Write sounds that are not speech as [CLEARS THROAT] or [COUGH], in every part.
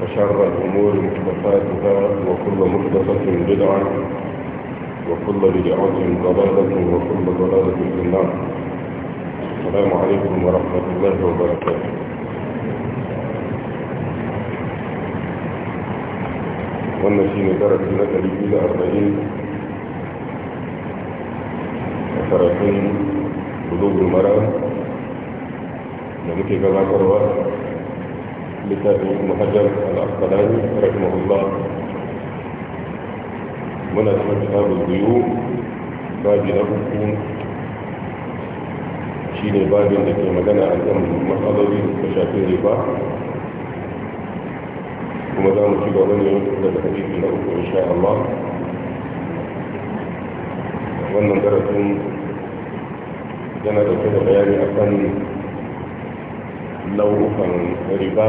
وشر الأمور محدثاتها وكل محدثة بدعة وكل بدعة ضلالة وكل ضلالة في النار السلام عليكم ورحمة الله وبركاته wannan shi ne إلى na 240 a karatun المرأة mara da muke littafin ibn hajar al biyu babi na uku shine babin da ke magana a kan matsaloli da suka shafi riba kuma za mu ci gaba ne daga hadisi na uku insha Allah wannan darasin yana dauke da bayani akan nau'ukan riba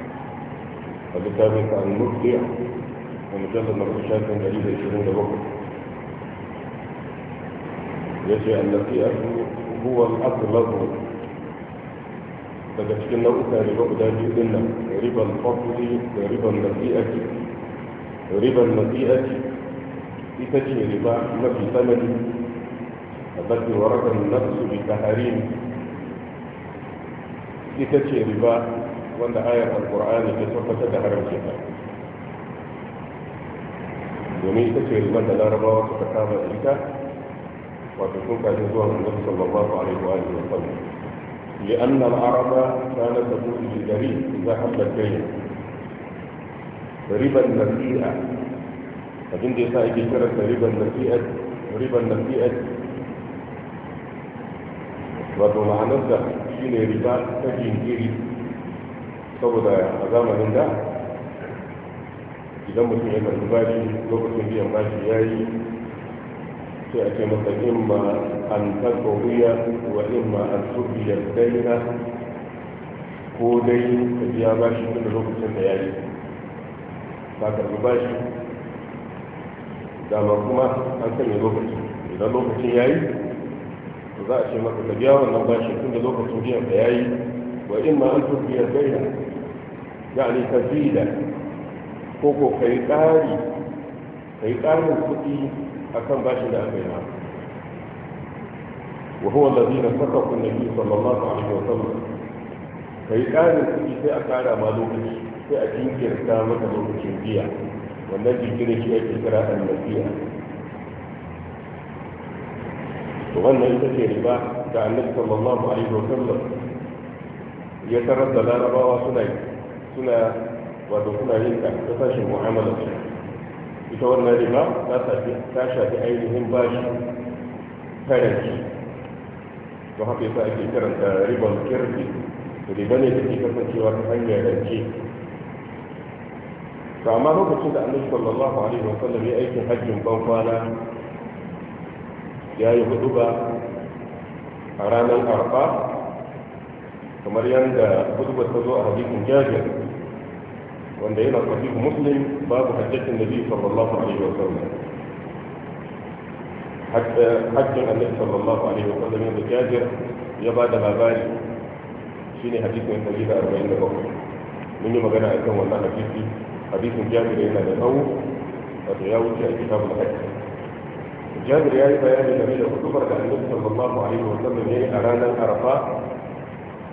الكتاب المبدع ومجلد مرشاد من أليه الشرون الوقت يجي أن الكتاب هو الأصل لغو فتشكلنا أثار الوقت هذه إن ربا الفضل ربا المبيئة ربا المبيئة في تجي ربا ما في ثمن فتشكل ورقة النفس بتحريم في تجي ربا وانا آية القرآن اللي سوف تدهر الجهة ومن تسير المدى لا ربا وتتكام إليك وتكون كأجزوا النبي صلى الله عليه وآله وسلم لأن العرب كانت تقول لدريب إذا حب الكريم ربا نسيئة فإن دي سائد الشرس ربا نسيئة ربا نسيئة وتو معنى الزهر شيني ربا تجين كريم saboda a zamanin da idan mutum ya karbi bashi lokacin biyan bashi ya yi sai a ce masa in ma an wuya wa in ma an tubiya daina ko dai ka biya bashi tun da lokacin da ya yi ka karbi bashi dama kuma an sanya lokaci idan lokacin ya yi to za a ce maka ka biya wannan bashi tun da lokacin biyan da ya yi wa in ma an ya daina yani tazida ko ko kai ƙari kai ƙarin kuɗi akan bashin da aka yi ma وهو الذي نفقه النبي صلى الله عليه وسلم kai ƙarin kuɗi sai a ƙara ma lokaci sai a jinkirta maka lokacin biya wannan jinkirin shi ake kira annabiya to wannan ita ce riba da annabi sallallahu alaihi wa sallam ya tarar da larabawa suna yi suna wato suna yin ta ta sashin mu'amala ita wannan riba ta shafi ainihin bashi karanci to haka yasa ake karanta riban kirki riba ne take kasancewa ta hanyar rance to amma lokacin da annabi sallallahu alaihi wa sallam ya aikin hajjin ban kwana ya yi hudu ba a ranar arba. kamar yadda kutubar ta zo a hadisin jabir wanda yana sahihu muslim babu hajjatin nabi sallallahu alaihi wa sallam hajjin annabi sallallahu alaihi wa sallam yadda jabir ya ba da labari shine hadisin 147 mun yi magana akan wannan hadisi hadisin jabir yana da tsawo wato ya wuce a kitabul hajj جابر يعني بيان النبي الخطبة عن النبي صلى الله عليه وسلم يعني أرانا عرفاء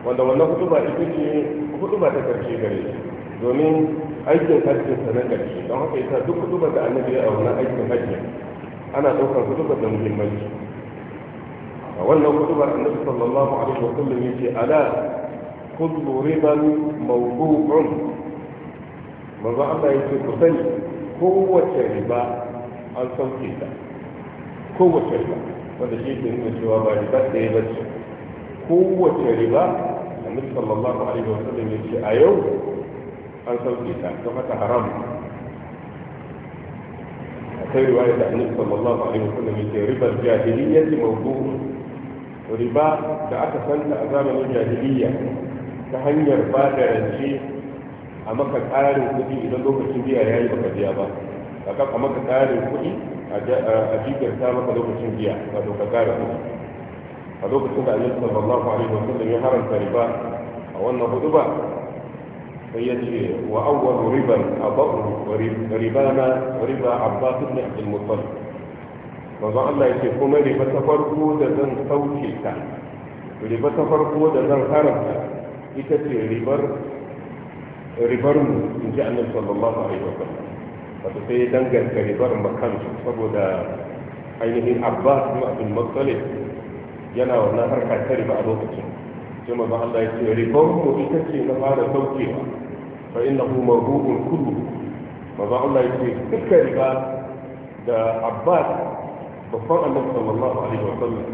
wanda wannan hutuba ita ce hutuba ta karshe gare shi domin aikin hajji sa na karshe don haka yasa duk hutubar da annabi ya auna aikin hajji ana ɗaukar hutubar da muhimmanci a wannan hutubar annabi sallallahu alaihi wa sallam yace ala kullu riban mawdu'un manzo Allah yace ku sani kowace riba an sauke ta kowace riba wanda shi ke nuna cewa ba riba ɗaya ba ce kowace riba annabi sallallahu alaihi wa sallam ya ce a yau an sauƙi ta ta mata haram akwai riwaya da annabi sallallahu alaihi wa sallam ya ce ribar jahiliyya ce mawdu riba da aka santa a zamanin jahiliyya ta hanyar ba da rance a maka ƙarin kuɗi idan lokacin biya ya yi baka biya ba a maka ƙarin kuɗi a jigar ta maka lokacin biya wato ka ƙara kuɗi a lokacin da annabi sallallahu alaihi wa sallam ya haramta riba a wannan ba sai ya ce wa awwal riban abu na riba abbas ibn abdul muttalib manzon Allah yake kuma riba ta farko da zan sauke ta riba ta farko da zan haramta ita ce ribar ribar mu in ji annabi sallallahu alaihi wa sallam wato sai danganta ribar makan saboda ainihin abbas ibn abdul muttalib yana wannan harka ta riba a lokacin sai manzo Allah ya ce riba ko ita ce na fara saukewa fa innahu mabudun kullu manzo Allah ya ce duka riba da Abbas babban annabi sallallahu alaihi wa sallam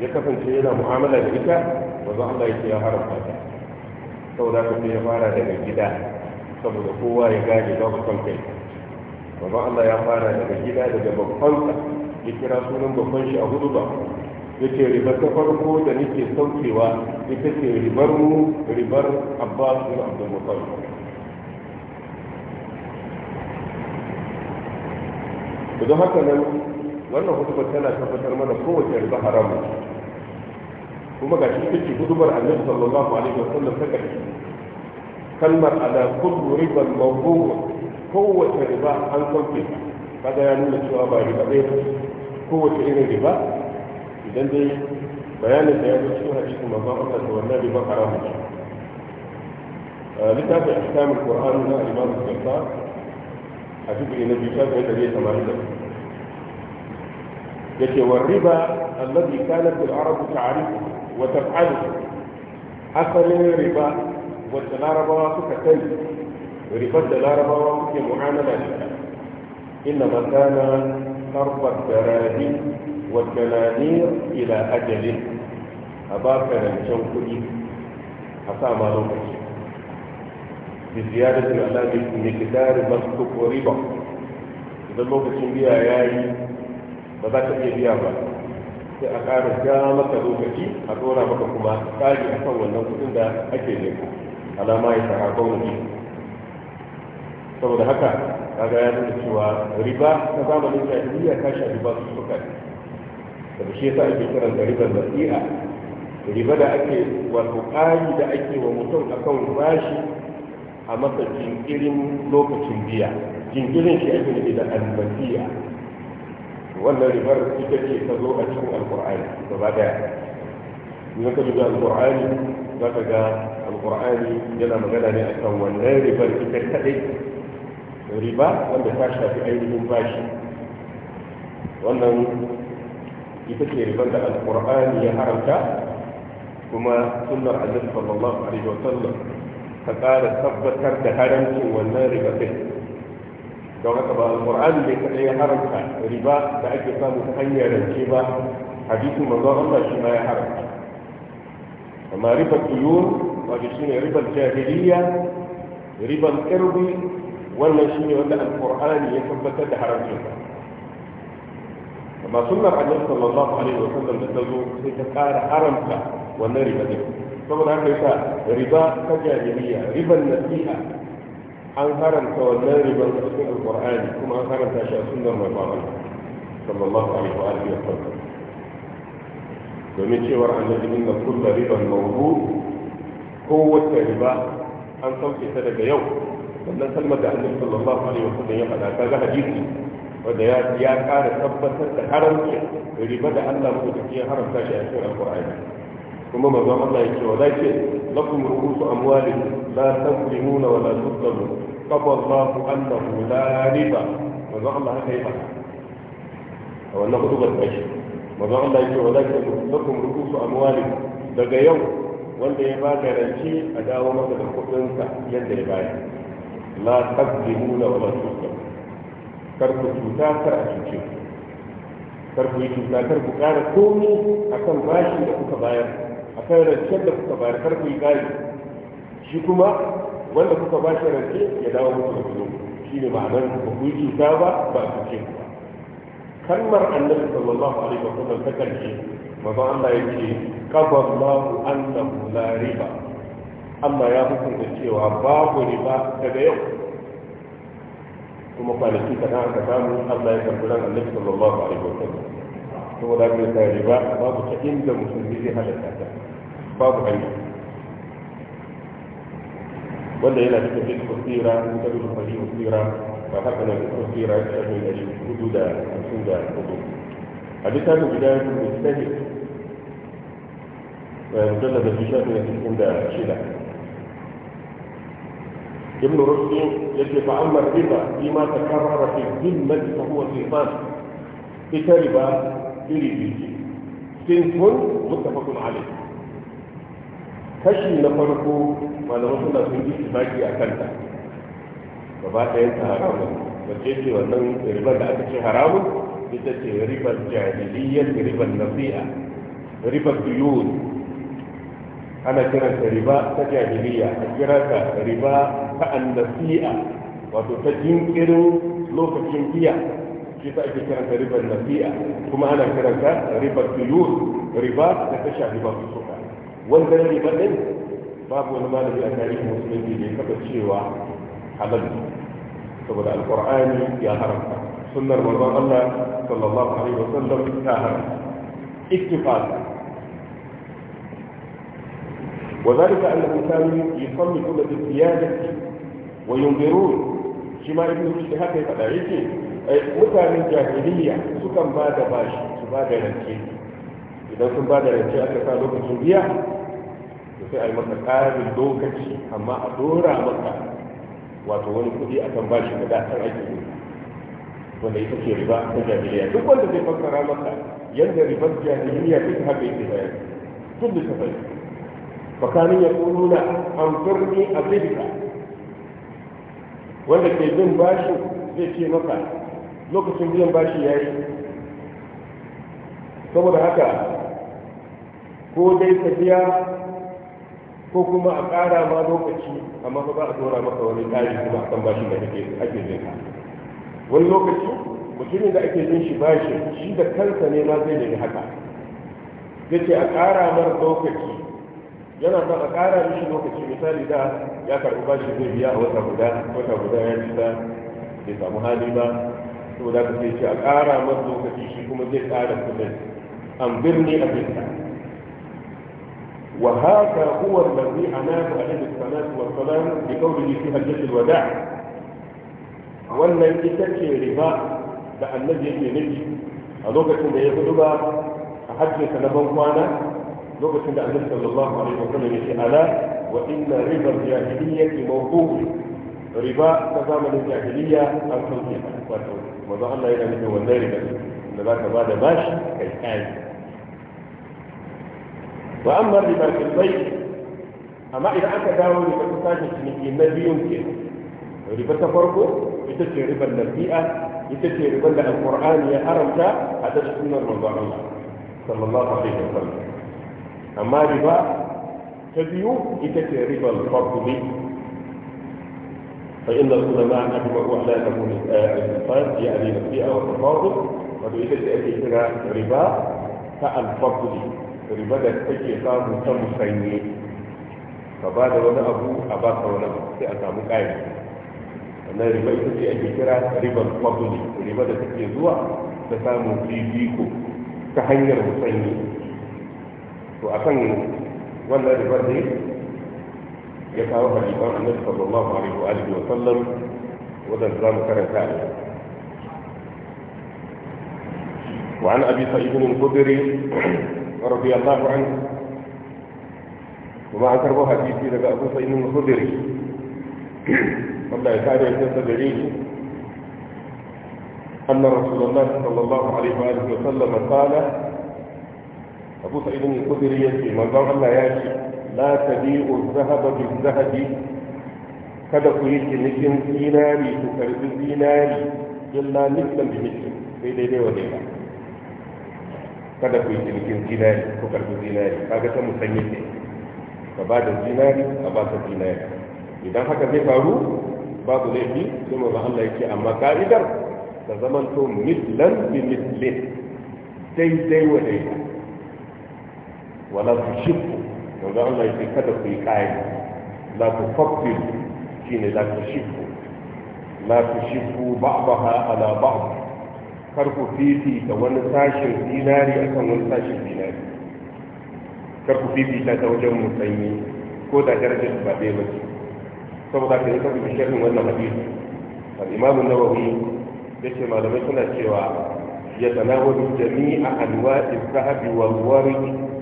ya kasance yana mu'amala da ita manzo Allah ya ce ya haramta ta saboda ka sai ya fara daga gida saboda kowa ya gane babu son kai manzo Allah ya fara daga gida daga babban ya kira sunan babban shi a hudu ba ya ce ribar ta farko da nake saukewa ita ce ribar mu ribar abbas bin abdul mutalib da don haka nan wannan hudubar tana tabbatar mana kowace riba haram kuma ga shi take hudubar annabi sallallahu alaihi sallam ta karshe kalmar ala kullu riban mawdu'a kowace riba an sauke kada ya nuna cewa ba riba ɗaya kowace irin riba dan dai bayanin da ya zo cikin hadisin manzon Allah da wannan bai bakara mu littafi a kitabul qur'an na imam al-kafa a cikin na biyu shafi da zai samari da yake wa riba alladhi kanat al-arab ta'rifu wa taf'alu asalin riba wacce larabawa suka kai ribar da larabawa suke mu'amala da ita inna ma kana tarbar darahim والدنانير إلى أجل أباك رنشان كلي أسام لوكتي بزيادة الألام مقدار مسكك وربا إذا لوكتي بيا ياي بذاك بيا بيا sai a ƙara ja maka lokaci a tsora maka kuma tsari a kan wannan kudin da ake neko alama ya saka gwamnati saboda haka kaga ya nuna cewa riba ta zamanin jahiliya ta shafi ba su suka ne da shi yasa ake kiran da da tsira riba da ake wato ƙari da ake wa mutum akan bashi a masa jinkirin lokacin biya jinkirin shi ake nufi da albasiya wannan ribar ita ce ta zo a cikin alkur'ani gaba daya in ka duba alkur'ani za ka ga alkur'ani yana magana ne akan wannan ribar ita kadai riba wanda ta shafi ainihin bashi wannan ita ce riban da alƙur'ani ya haramta kuma sunnar annabi sallallahu alaihi wa sallam ta ƙara tabbatar da haramcin wannan riba din don haka ba alƙur'ani ne kaɗai ya haramta riba da ake samu ta hanyar rance ba hadisin manzo Allah shi ma ya haramta amma riba tuyur wato shine ribar jahiliya ribar kirbi wannan shine wanda alƙur'ani ya tabbatar da haramcin ba amma sunnar annabi sallallahu alaihi wa sallam da tazo sai ta kara haramta wannan riba din saboda haka yasa riba ta jahiliya riban nasiha an haramta wannan riban a cikin alqur'ani kuma an haramta shi a sunnar mai sallallahu alaihi wa alihi wa sallam domin cewar annabi inna kullu riban mawdu' kowace riba an sauke ta daga yau wannan kalmar da annabi sallallahu alaihi wa sallam ya faɗa ta ga hadisi wanda ya ƙara tabbatar da haramci riba da Allah mu da ke haramta shi a cikin alƙur'ani kuma manzon Allah ya ce wa zake lakum ru'usu amwalikum la tazlimuna wa la tuzlamun qad Allahu annahu la riba manzon Allah haka yi ba a wannan hudubar tashi manzon Allah ya ce wa zake lakum ru'usu amwalikum daga yau wanda ya ba da ranci a dawo masa da kuɗinsa yadda ya bayar la tazlimuna wa la tuzlamun kar ku cuta kar a cuce kar ku yi cuta kar ku kara komi kan bashi da kuka bayar a kan rancen da kuka bayar kar ku yi ƙari shi kuma wanda kuka bashi rance ya dawo musu da kudu shi ne ma'anar ba ku yi cuta ba ba a cuce ba kalmar annabi sallallahu alaihi wa sallam ta karshe maza Allah ya ce kafa Allahu annahu la riba Allah ya hukunta cewa babu riba daga yau kuma kwanaki ka dan aka samu allah ya karbi ran annabi sallallahu alaihi wasallam da ke ta riba babu ta inda musulmi zai halaka ta babu hanya wanda yana cikin fiskon tsira in ka duba fahimun tsira ba haka nan fiskon tsira ya shafi ɗari hudu da hamsin da hudu a littafin guda ya kuma mujtahid mujallar da shi shafi da cikin da shida ابن rushd yace fa amma riba bima takarrara fi dhimmati fa huwa sifan ita riba iri biyu sinfun kashi na farko malamai suna sun yi tibaki a kanta Ba ba ta haramun wacce ce wannan ribar da aka ce haramun ita ce ribar jahiliyyar ribar nasi'a ribar ana kiranta riba ta jahiliya a kiranta riba ta annasiya wato ta jinkirin lokacin biya shi ta ake kiranta ribar nasiya kuma ana kiranta ribar tuyur riba da ta shafi su suka wanda ya riba ɗin babu wani malami a tarihin musulunci da ya kaba cewa halal saboda alkur'ani ya haramta sunnar manzon Allah sallallahu alaihi wasallam ta haramta ittifaq وذلك أن الإنسان يصمت كل الزيادة وينظرون شما ابن الشهاد يتدعيكي أي متى من جاهلية سكن بعد باش سباد الانكي إذا سكن بعد الانكي أكثر لك الجنبية يسأل أي مرة قائد الدوكة أما أدورة مرة وأتواني كذي أكثر باش مدى أكثر عجل وليس في رباء جاهلية دوكو الذي فكر مرة ينزل رباء جاهلية في هذه الهيئة كل سبيل fakanin ya kununa amfirni a bidika wanda ke bin bashi zai ce maka lokacin biyan bashi ya yi saboda haka ko dai ka biya ko kuma a ƙara ma lokaci amma ba a dora maka wani ƙari kuma akan bashin da ake jin ka wani lokaci mutumin da ake jin shi bashin shi da kansa ne ma zai nemi haka zai ce a ƙara mar lokaci yana son a ƙara mishi lokaci misali da ya karɓi bashi zai biya a wata guda wata guda ya ci ta bai samu hali ba to da ka ce a ƙara masa lokaci shi kuma zai ƙara kuɗin an birni a bisa وهذا هو الذي أناه عليه الصلاة والسلام بقوله في حجة الوداع wannan ita ce riba da annabi yake nufi a lokacin da ya gudu ba a hajjinsa na ban kwana لغه النبي صلى الله عليه وسلم في الاف وان ربا الجاهليه موقوف رباء تزامن الجاهليه التوحيد وضع الله الى من هو ذلك ان ذاك بعد باش كالحال واما الربا في البيت اما اذا انت داوي فتساجد من النبي يمكن ربا تفرقه يتسجي ربا النبيئه يتسجي ربا القران يا حرمت هذا سنه رضا الله صلى الله عليه وسلم amma riba ta biyu ita ce riba al-fadli fa inna ulama ajma'u ala annahu al-fadl yani al-bi'a wa al-tafadul wato ita ce ake kira riba ta al-fadli riba da take samu ta musanye ka ba da wani abu a ba ka wani sai a samu ƙari wannan riba ita ce ake kira riban fadli riba da take zuwa ta samu fifiko ta hanyar musanye to ولا wannan ribar ne النبي صلى الله عليه وآله وسلم wa alihi wa sallam وعن ابي سعيد الخدري رضي الله عنه وما اكره حديثي لك ابو سعيد الخدري والله تعالى يتسدريه ان رسول الله صلى الله عليه واله وسلم قال أبو سعيد الخدري يأتي من ظن أن لا تبيع الذهب بالذهب كذا كويت نجم ديناري تكرز ديناري إلا نجم بمجم في ليلة وليلة كذا كويت نجم ديناري تكرز ديناري هذا كم سنين فبعد الديناري أبعد الديناري إذا حكى في فارو بعض الأشياء ثم ظن أن يأتي أما كائدر فزمنتم مثلا بمثله تي تي وليلة wala ku shibku yanzu Allah ce kada ku yi kayan la ku shi ne la ku shibku la ku shibku ba'daha ala ba'd kar ku fifi da wani sashin dinari akan wani sashin dinari kar ku fifi ta wajen musanyi ko da darajar ba ɗaya ba ce saboda ka yi kafa da shirin wannan hadisi al-imamu ya ce malamai suna cewa ya tanawalu jami'a anwa'i zahabi wal warqi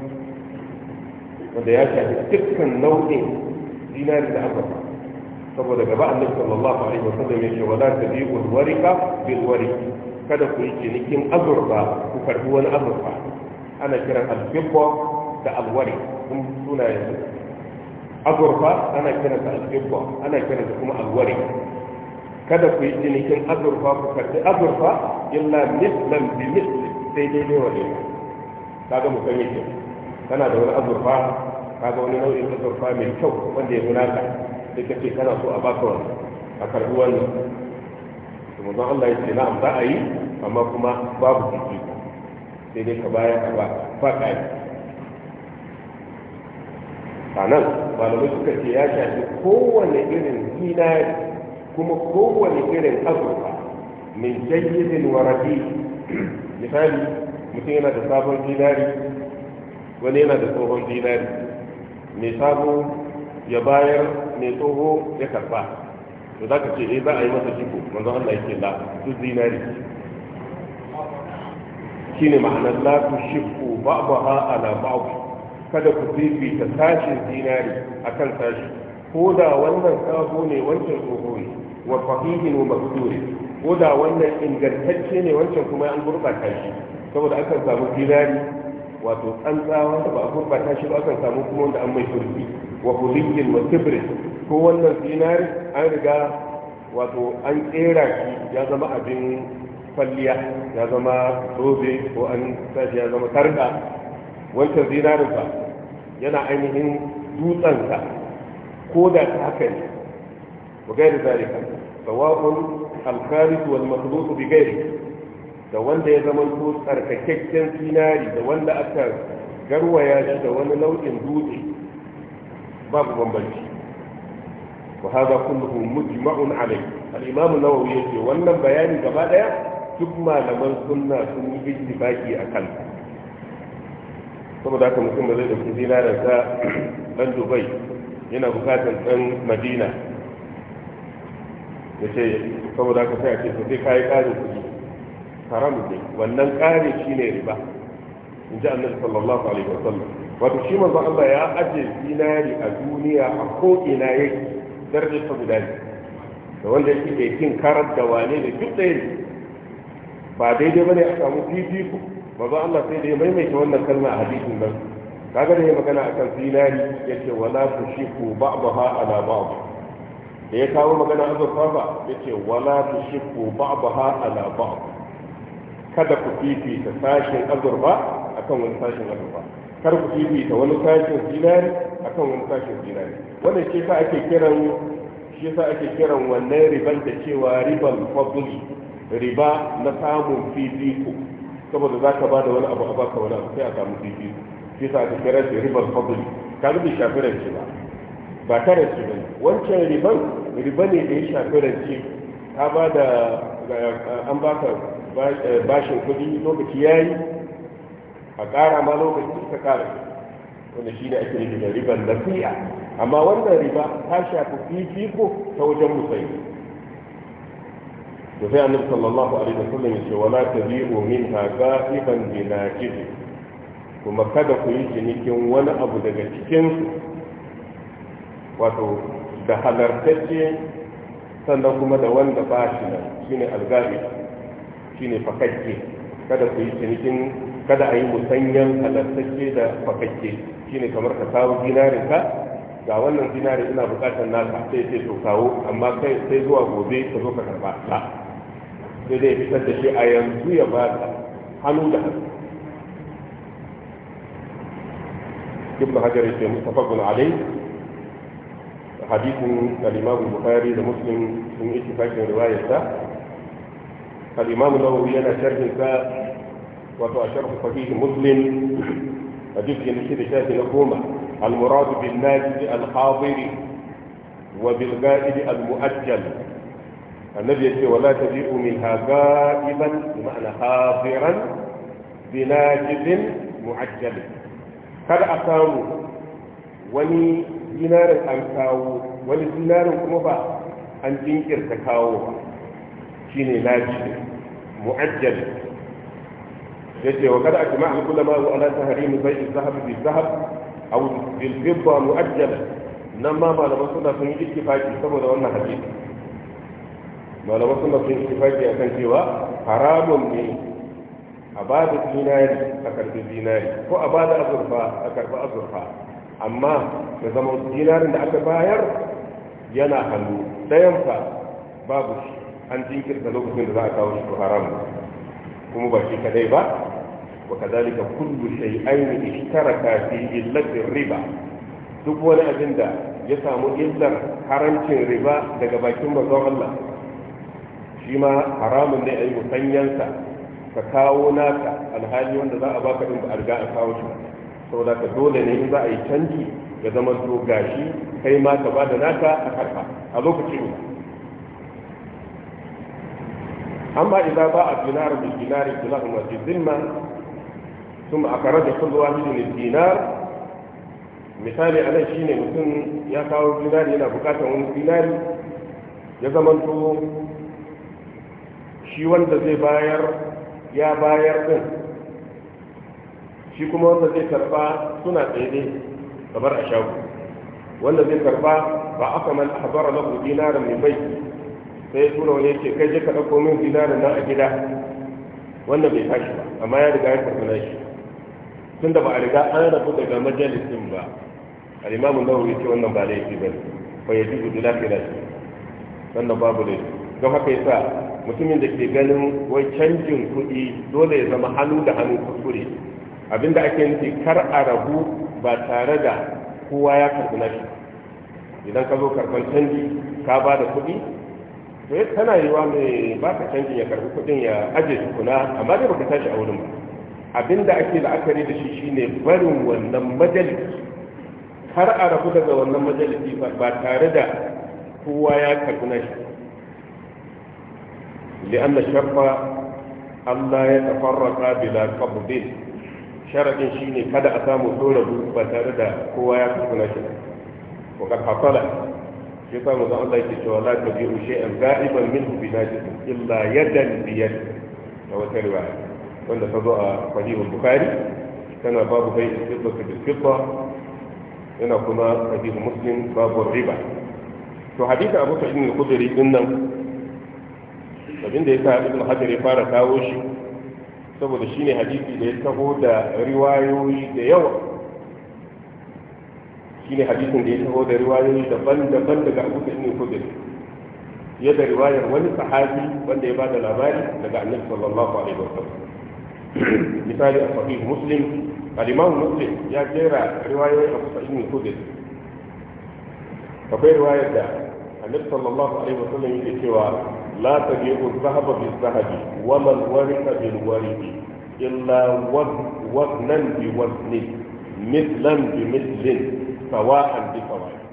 wanda ya shafi dukkan nau'in zinari da azurfa saboda gaba annabi sallallahu alaihi wasallam ya ce wala tabi'u warika bil warik kada ku yi cinikin azurfa ku karbi wani azurfa ana kiran al da alwari warik suna yanzu azurfa ana kiran da al ana kiran da kuma al kada ku yi cinikin azurfa ku karbi azurfa illa mislan bi misli sai dai ne wa ne kaga mu san yake kana da wani azurfa ga wani nau'in azurfa mai kyau wanda ya nuna ka da ka ce kana so a baka wani a karbi wannan kuma zan Allah ya ce na'am za a yi amma kuma babu jiki sai dai ka bayar ka ba ba ka yi a nan malamai suka ce ya shafi kowane irin zinari kuma kowane irin azurfa min jayyidin waradi misali mutum yana da sabon zinari wani yana da tsohon dinari mai sabo ya bayar mai tsoho ya karba to za ka ce eh za a yi masa jiko manzo Allah yake la su dinari shine ma'anar la tushifku ba'daha ala ba'd kada ku fifita tashin dinari akan tashi ko da wannan sabo ne wancan tsoho ne wa fahimin wa makturi ko da wannan ingantacce ne wancan kuma an gurɓata shi saboda akan samu dinari wato tsantsa wanda ba a gurbata shi ba kan samu kuma wanda an mai turbi wa kulikin wa tibrin ko wannan zinari an riga wato an tsera shi ya zama abin kwalliya ya zama zobe ko an sashi ya zama tarka wancan zinarin ba yana ainihin dutsensa ko da ta haka ne wa gairi zalika sawa'un alkhalis wal makhluq bi gairi da wanda ya zama to tsarkakakken sinari da wanda aka garwaya shi da wani nau'in dutse babu bambanci wa hadha kulluhu mujma'un alayhi al-imam an-nawawi yace wannan bayani gaba daya duk malaman sunna sun yi ittifaqi akan saboda haka mutum ba zai dauki zinarin sa dan dubai yana bukatar dan madina yace saboda haka sai a ce to sai kai karin kuɗi haram ne wannan shi ne riba in ji annabi sallallahu alaihi wa sallam. wato shi manzo Allah ya aje zinari a duniya a ko ina yake darajar ta guda ne da wanda yake da yakin karar da wane da duk ɗaya ne ba daidai bane a samu fifiko manzo Allah sai da ya maimaita wannan kalma a hadisin nan kaga da ya magana akan zinari yace wala tushiku ba'daha ala ba'd da ya kawo magana azurfa ba yace wala tushiku ba'daha ala ba'd kada ku fifita sashen azurfa kan wani sashen azurfa kar ku fifita wani sashen zinari a kan wani sashen zinari wannan shi yasa ake kiran shi yasa ake kiran wannan riban da cewa riban fadli riba na samun fifiko saboda za ka ba da wani abu a baka wani abu sai a samu fifiko shi sa ake kiran shi riban fadli ka rubi shafi rance ba ba ta rance ba wancan riban riba ne da ya shafi rance ka ba da an baka Eh, bashin kuɗi lokaci ya yi a ƙara ma lokaci ta ƙara wanda shi ne ake nufi da ribar lafiya amma wannan riba ta shafi fifiko ta wajen musayi da sai annabi sallallahu alaihi wasallam ya ce wala tabi'u minha qa'iban bi naqid kuma kada ku yi cinikin wani abu daga cikin wato da halartacce sannan kuma da wanda ba shi nan shine algari shine fakakke kada ku yi cinikin kada a yi musanyen halattacce da fakakke shine kamar ka kawo dinarin ka ga wannan zinari ina bukatar naka sai sai to kawo amma kai sai zuwa gobe ka zo ka karba ta sai dai fitar da shi a yanzu ya ba ka hannu da hannu ibn hajar yake bin alai hadisin al-imam bukhari da muslim sun ittifaqin riwayarsa الإمام النووي أنا شرح نساء وتو أشرح فقيه مسلم أجبت نسيت شاهد نقومة المراد بالناجد الحاضر وبالغائب المؤجل النبي يقول ولا تجيء منها غائبا بمعنى حاضرا بناجد معجل هذا أقام وني دينار أمساو وني دينار أن تنكر تكاوه shi ne naji mu'ajjal yace wa kada a kula al ulama ta ala tahrim bai'i dhahab bi dhahab aw bil fidda mu'ajjal nan ma malaman suna sun yi ittifaki saboda wannan hadisi malaman suna sun yi a kan cewa haramun ne a ba da zinari a karbi zinari ko a ba da azurfa a karbi azurfa amma da zama zinarin da aka bayar yana hannu ɗayan sa babu shi an jinkirta lokacin da za a kawo shi haram kuma ba shi kadai ba wa kadalika kullu shay'in ishtaraka fi illati riba duk wani abin da ya samu illar haramcin riba daga bakin bazon Allah shi ma haramun ne ayi yi musanyansa ka kawo naka alhali wanda za a baka din ba a riga a kawo shi saboda ka dole ne in za a yi canji ya zama to gashi kai ma ka ba da naka a karfa a lokacin. ne Amma idan ba أما إذا باع الدينار بالدينار كلاهما في الذمة ثم أخرج كل واحد الدينار misali a nan shine mutum ya kawo dinari yana bukatar wani dinari ya zamanto shi wanda zai bayar ya bayar din shi kuma wanda zai karba suna tsaye-tsaye kamar a shago wanda zai karba ba aka man ahbara lahu dinaran min baiti sai tura wani ce kai je ka ɗauko min dinarin nan a gida wannan bai tashi ba amma ya riga ya karɓi na shi tunda ba a riga an rabu daga majalisin ba al'imamu nawawi ce wannan ba laifi ba fa ya jibu dula ke lafi wannan babu laifi don haka yasa mutumin da ke ganin wai canjin kuɗi dole ya zama hannu da hannu kuskure abinda ake nufi kar a rabu ba tare da kowa ya karɓi na shi idan ka zo karɓar canji ka ba da kuɗi sai tana yiwa mai baka canjin ya karbi kudin ya ajiye tukuna amma zai baka tashi a wurin ba abinda ake la'akari da shi shine barin wannan majalisi har a rabu daga wannan majalisi ba tare da kowa ya karbi na shi لأن sharfa Allah ya tafarraka bila qabdin shine kada a samu dole ba tare da kowa ya na shi ko ka fasala shi sa mu zama Allah ke cewa la tabi'u shay'an ga'iban minhu na najis illa yadan biyar yad da wata riwaya wanda ta zo a sahihul bukari tana babu bai fitbatu bil fitba yana kuma sahihu muslim babu riba to hadisi abu sa'id al-khudri din nan abin ya sa ibn hajar ya fara kawo shi saboda shine hadisi da ya taho da riwayoyi da yawa shine hadisin da ya taho da riwayoyi daban-daban daga Abu Sa'id al-Khudri ya da riwayar wani sahabi wanda ya bada labari daga Annabi sallallahu alaihi wasallam [CLEARS THROAT] misali a sahih Muslim al-Imam Muslim ya jera riwayoyi Abu Sa'id al-Khudri akwai riwayar da Annabi sallallahu alaihi wasallam yake cewa لا تبيع الذهب بالذهب ولا الورق بالورق إلا وزنا بوزن مثلا بمثل sawa'an bi sawa'i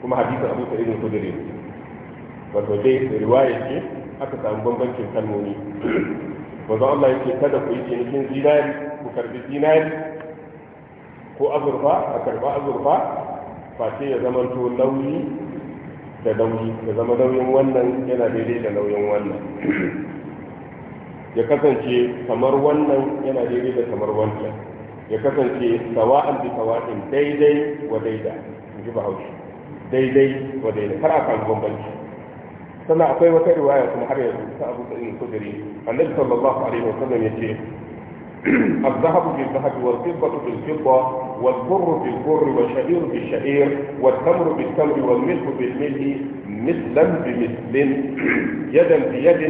kuma hadisin Abu Sa'id al-Khudri wato dai riwaya ce aka samu bambancin kalmomi wanda Allah yake kada ku yi cinikin zinari ku karbi zinari ko azurfa a karba azurfa face ya zama to nauyi da nauyi ya zama nauyin wannan yana daidai da nauyin wannan ya kasance kamar wannan yana daidai da kamar wancan ya kasance sawa'an bi sawa'in daidai wa daida in ji bahaushe daidai wa daida kar a kan bambanci sannan akwai wata riwaya kuma har yanzu ta abu sa'in kudiri annabi sallallahu alaihi wasallam ya ce الذهب بالذهب والفضة بالفضة والبر بالبر والشعير بالشعير والتمر بالتمر والملك بالملك مثلا بمثل يدا بيد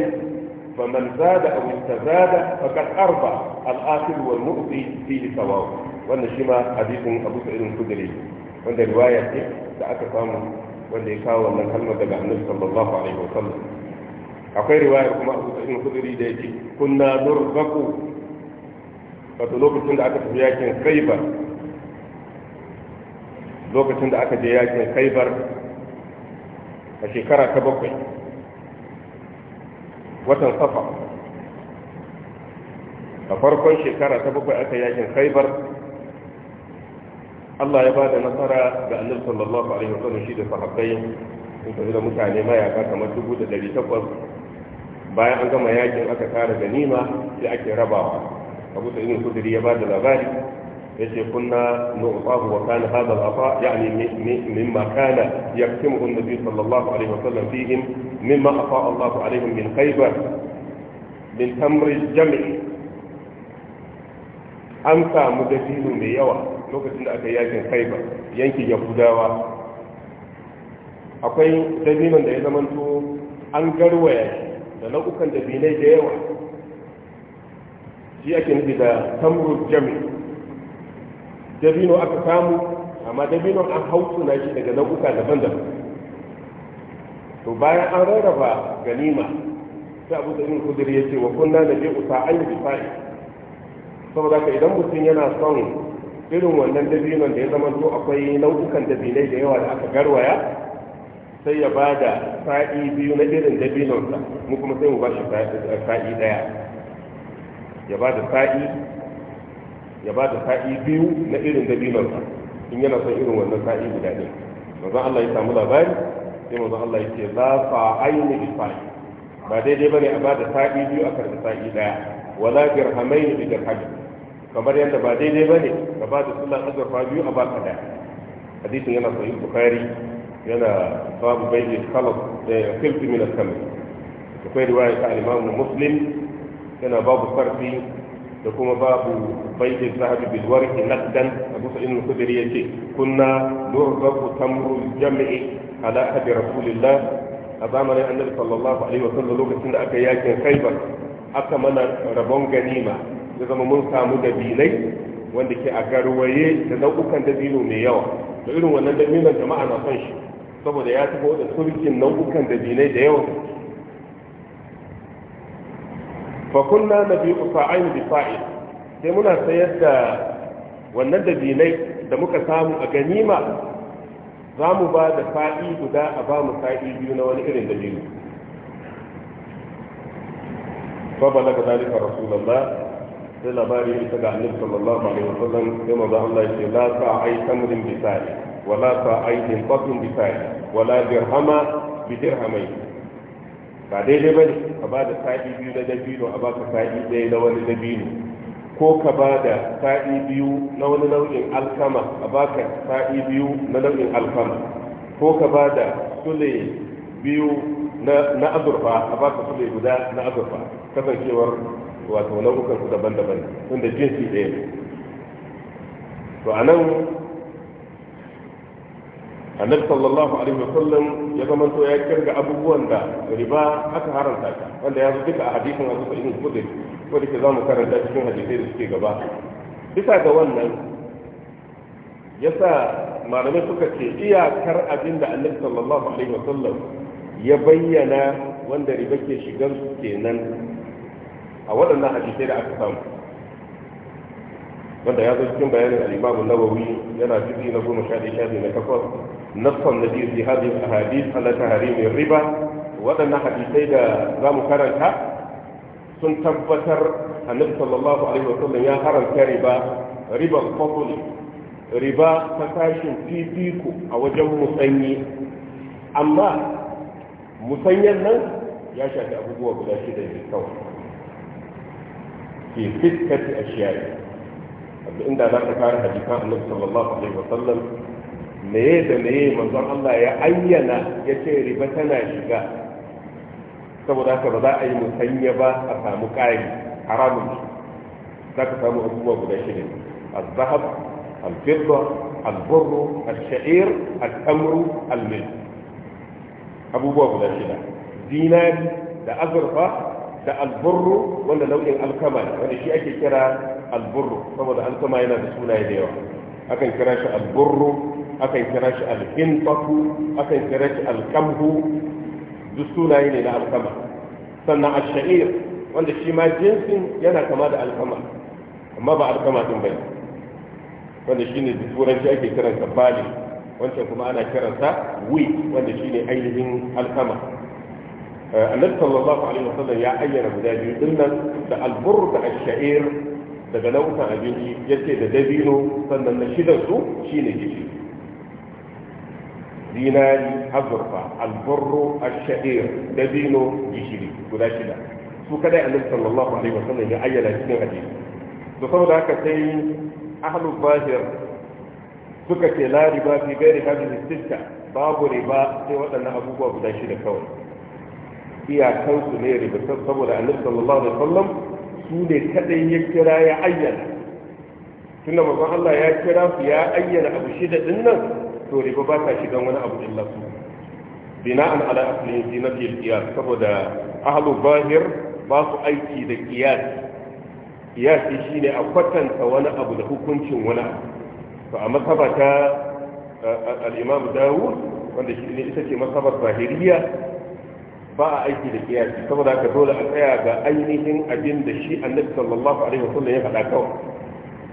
فمن زاد أو استزاد فقد أربع الآخر والمؤذي فيه سواء وأن شما حديث أبو سعيد الخدري وأن رواية da aka samu wanda ya kawo wannan kalmar daga annabi sallallahu alaihi wa sallam akwai riwaya kuma Abu Sa'id Khudri da yake kunna nurbaqu wato lokacin da aka tafi yakin Khaybar lokacin da aka je yakin Khaybar a shekara ta bakwai watan safa a farkon shekara ta bakwai aka yakin khaibar Allah ya bada nasara ga annabi sallallahu alaihi wa sallam shi da sahabbai sun tafi da mutane mayaka kamar dubu da ɗari takwas bayan an gama yakin aka tara ganima sai ake rabawa abu sa'idin kudiri ya ba da labari التي كنا نعطاه وكان هذا العطاء يعني مما كان يقسمه النبي صلى الله عليه وسلم فيهم مما أعطى الله عليهم من خيبر من تمر الجمع أمسى مدفين ميوى لوكت إن أتياك خيبر ينكي يفداوى أقول دبينا إذا من تو أنقروا da nau'ukan da binai da yawa shi ake dabino aka samu amma dabinon an hautsuna shi daga nau'uka daban-daban to bayan an rarraba ganima sai abu zarin kudiri ya ce wa kunna da je usa an yi difa'i saboda ka idan mutum yana son irin wannan dabinon da ya zama to akwai nau'ukan dabinai da yawa da aka garwaya sai ya ba da sa'i biyu na irin dabinonsa mu kuma sai mu ba shi sa'i daya ya ba da sa'i ya ba da sa'i biyu na irin dabinarsa in yana son irin wannan sa'i guda ɗin manzon Allah ya samu labari sai manzon Allah ya ce za fa aini bi sa'i ba daidai bane a ba da sa'i biyu a karɓi sa'i ɗaya wala dirhamaini bi dirhamin kamar yadda ba daidai bane ka ba da sallar azurfa biyu a baka daya hadisin yana sahih bukhari yana babu bayyana kalam da eh, filfi min al-kamal akwai riwaya ta al-imam muslim yana babu farfi da kuma babu baitin sahabi bil warqi naqdan abu sa'id al khudri yace kunna nurzabu tamrul jam'i ala hadi rasulillah a zamanin annabi sallallahu alaihi wa sallam lokacin da aka yakin khaybar aka mana rabon ganima ya zama mun samu dabilai wanda ke a garwaye da nau'ukan dabino mai yawa da irin wannan dabinon jama'a na son shi saboda ya tafi da turkin nau'ukan dabinai da yawa fa kunna nabi'u fa'ain bi fa'il sai muna sayar da wannan da dabinai da muka samu a ganima za mu ba da fa'i guda a ba mu fa'i biyu na wani irin dabino fa balaga zalika rasulullah sai labari ya ta ga annabi sallallahu alaihi wasallam sai maza Allah ya ce la ta ai tamrin bisari wala ta ai din batun bisari wala dirhama bi dirhamai ba daidai ba ne ka ba da sa'i biyu na dabino a baka sa'i ɗaya na wani dabino ko ka ba da sa'i biyu na wani nau'in alkama a baka sa'i biyu na nau'in alkama ko ka ba da sule biyu na azurfa a baka sule guda na azurfa kasancewar wato nau'ukan su daban-daban tunda jinsi ɗaya ne to a nan annabi sallallahu alaihi wa sallam ya zama to ya kirga abubuwan da riba aka haranta ta wanda ya zo duka a hadisin Abu Sa'id al-Khudri ko da ke zamu karanta cikin hadisai da suke gaba bisa ga wannan yasa malamai suka ce iyakar abin da annabi sallallahu alaihi wa sallam ya bayyana wanda riba ke shigar su kenan a waɗannan hadisai da aka samu wanda ya zo cikin bayanin al-Imam an-Nawawi yana cikin na goma sha shafi na takwas نص النبي في هذه الأحاديث على تحريم الربا وأن حديثي زام كرنتا sun tabbatar annabi sallallahu alaihi wasallam ya haramta riba riba al riba ta tashin fifiko a wajen musanyi amma musanyen nan ya shafi abubuwa guda da ne kawai fi fiskati ashiyayi inda za ka kare hadisan annabi meye da meye manzon Allah ya ayyana ya ce riba tana shiga saboda haka ba za a yi musanya ba a samu ƙari haramun shi za ka samu abubuwa guda shida al-zahab al-fidda al-burru al-sha'ir al-tamru al-mil abubuwa guda shida zinari da azurfa da al-burru wanda nau'in alkama wanda shi ake kira al-burru saboda alkama yana da suna da yawa akan kira shi al-burru akan kira shi alhinfatu akan kira shi alkamhu duk sunaye ne na alkama sannan ashair wanda shi ma jinsin yana kama da alkama amma ba alkama din bai wanda shi ne da turanci ake kiransa bali wancan kuma ana kiransa wi wanda shi ne ainihin alkama eh, annabi sallallahu alaihi wasallam ya ayyana guda biyu dinnan da albur da ashair daga nau'ukan abinci yace da dabino sannan na shidan su shine gishiri Dinari azurfa alburru ash-sha'ir dabino gishiri guda shida su kada annabi sallallahu alaihi wasallam ya ayyana cikin hadisi to saboda haka sai ahlul zahir suka ce la riba fi gairi hadhihi sitta babu riba sai waɗannan abubuwa guda shida kawai iyakansu ne riba saboda annabi sallallahu alaihi wasallam su ne kadai ya kira ya ayyana tunda manzon Allah ya kira su ya ayyana abu shida din nan to riba ba ta shigan wani abu illa su bina'an ala aslin fi nafiyil qiyas saboda ahlu zahir ba su aiki da qiyas qiyas shine a kwatanta wani abu da hukuncin wani to a masabata al-imam dawud wanda shi ne ita ce masabar zahiriya ba a aiki da qiyas saboda haka dole a tsaya ga ainihin abin da shi annabi sallallahu alaihi wasallam ya faɗa kawai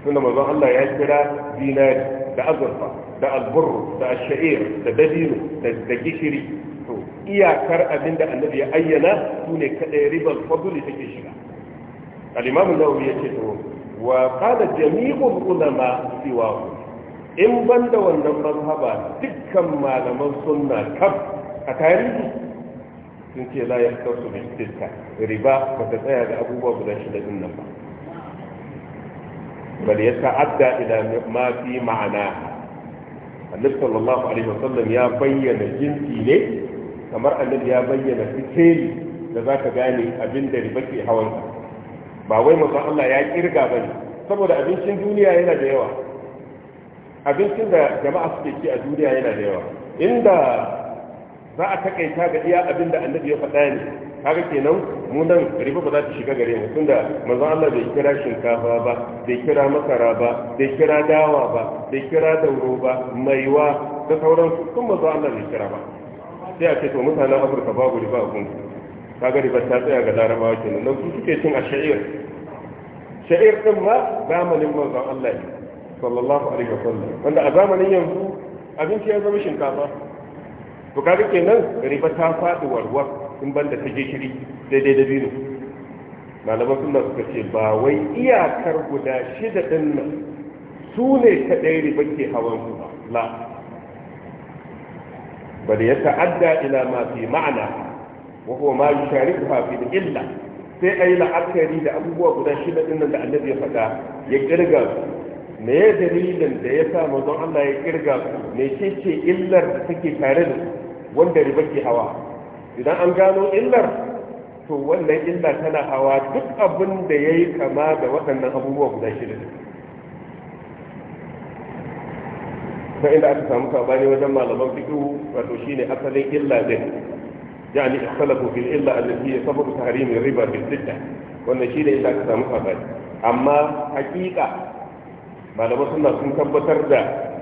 tunda manzon Allah ya kira Zinari, da azurfa da alburu da asha'ir da dabino da gishiri to iyakar abin da annabi ya ayyana su ne kadai ribar fadli take shiga al-imam ya ce yace to wa qala jami'ul ulama siwahu in banda wannan mazhaba dukkan malaman sunna kaf a tarihi sun ce la yahtasu bi tilka riba ba ta tsaya da abubuwa guda shida din nan ba bal ya ta'adda ila ma fi ma'ana annabi sallallahu alaihi wasallam ya bayyana jinsi ne kamar annabi ya bayyana sikeli da za ka gane abin da riba ke hawan ba wai mazan Allah ya kirga ba ne saboda abincin duniya yana da yawa abincin da jama'a suke ci a duniya yana da yawa inda za a takaita ga iya abin da annabi ya faɗa ne haka kenan mu nan riba ba za ta shiga gare mu tunda manzon Allah bai kira shinkafa ba bai kira masara ba bai kira dawa ba bai kira dauro ba maiwa da sauran sun manzon Allah bai kira ba sai a ce to mutanen Afirka ba guri ba kun kaga riba ta tsaya ga Larabawa kenan nan su suke cin asha'ir sha'ir din ma zamanin manzon Allah sallallahu alaihi wasallam wanda a zamanin yanzu abinci ya zama shinkafa to kaga kenan riba ta faɗi warwar in banda ta gishiri daidai da dino malaman suna suka ce ba wai iyakar guda shida din nan su ne kaɗai riba ke hawan su ba la bal ya ta'adda ila ma fi ma'ana wa huwa ma yusharikuha fi illa sai ayi la'akari da abubuwa guda shida din nan da annabi ya faɗa ya kirga su me ya dalilin da ya sa mazan Allah ya kirga su me ce ce illar da take tare da su wanda riba ke hawa idan an gano illar to wannan illa tana hawa duk abin da ya yi kama da waɗannan abubuwa guda shida ta inda aka samu sabani wajen malaman fiƙi wato shine asalin illa din yani ikhtalafu fil illa a allati hiya sababu tahrim riba bil sidda wannan shi ne inda aka samu sabani amma hakika malaman suna sun tabbatar da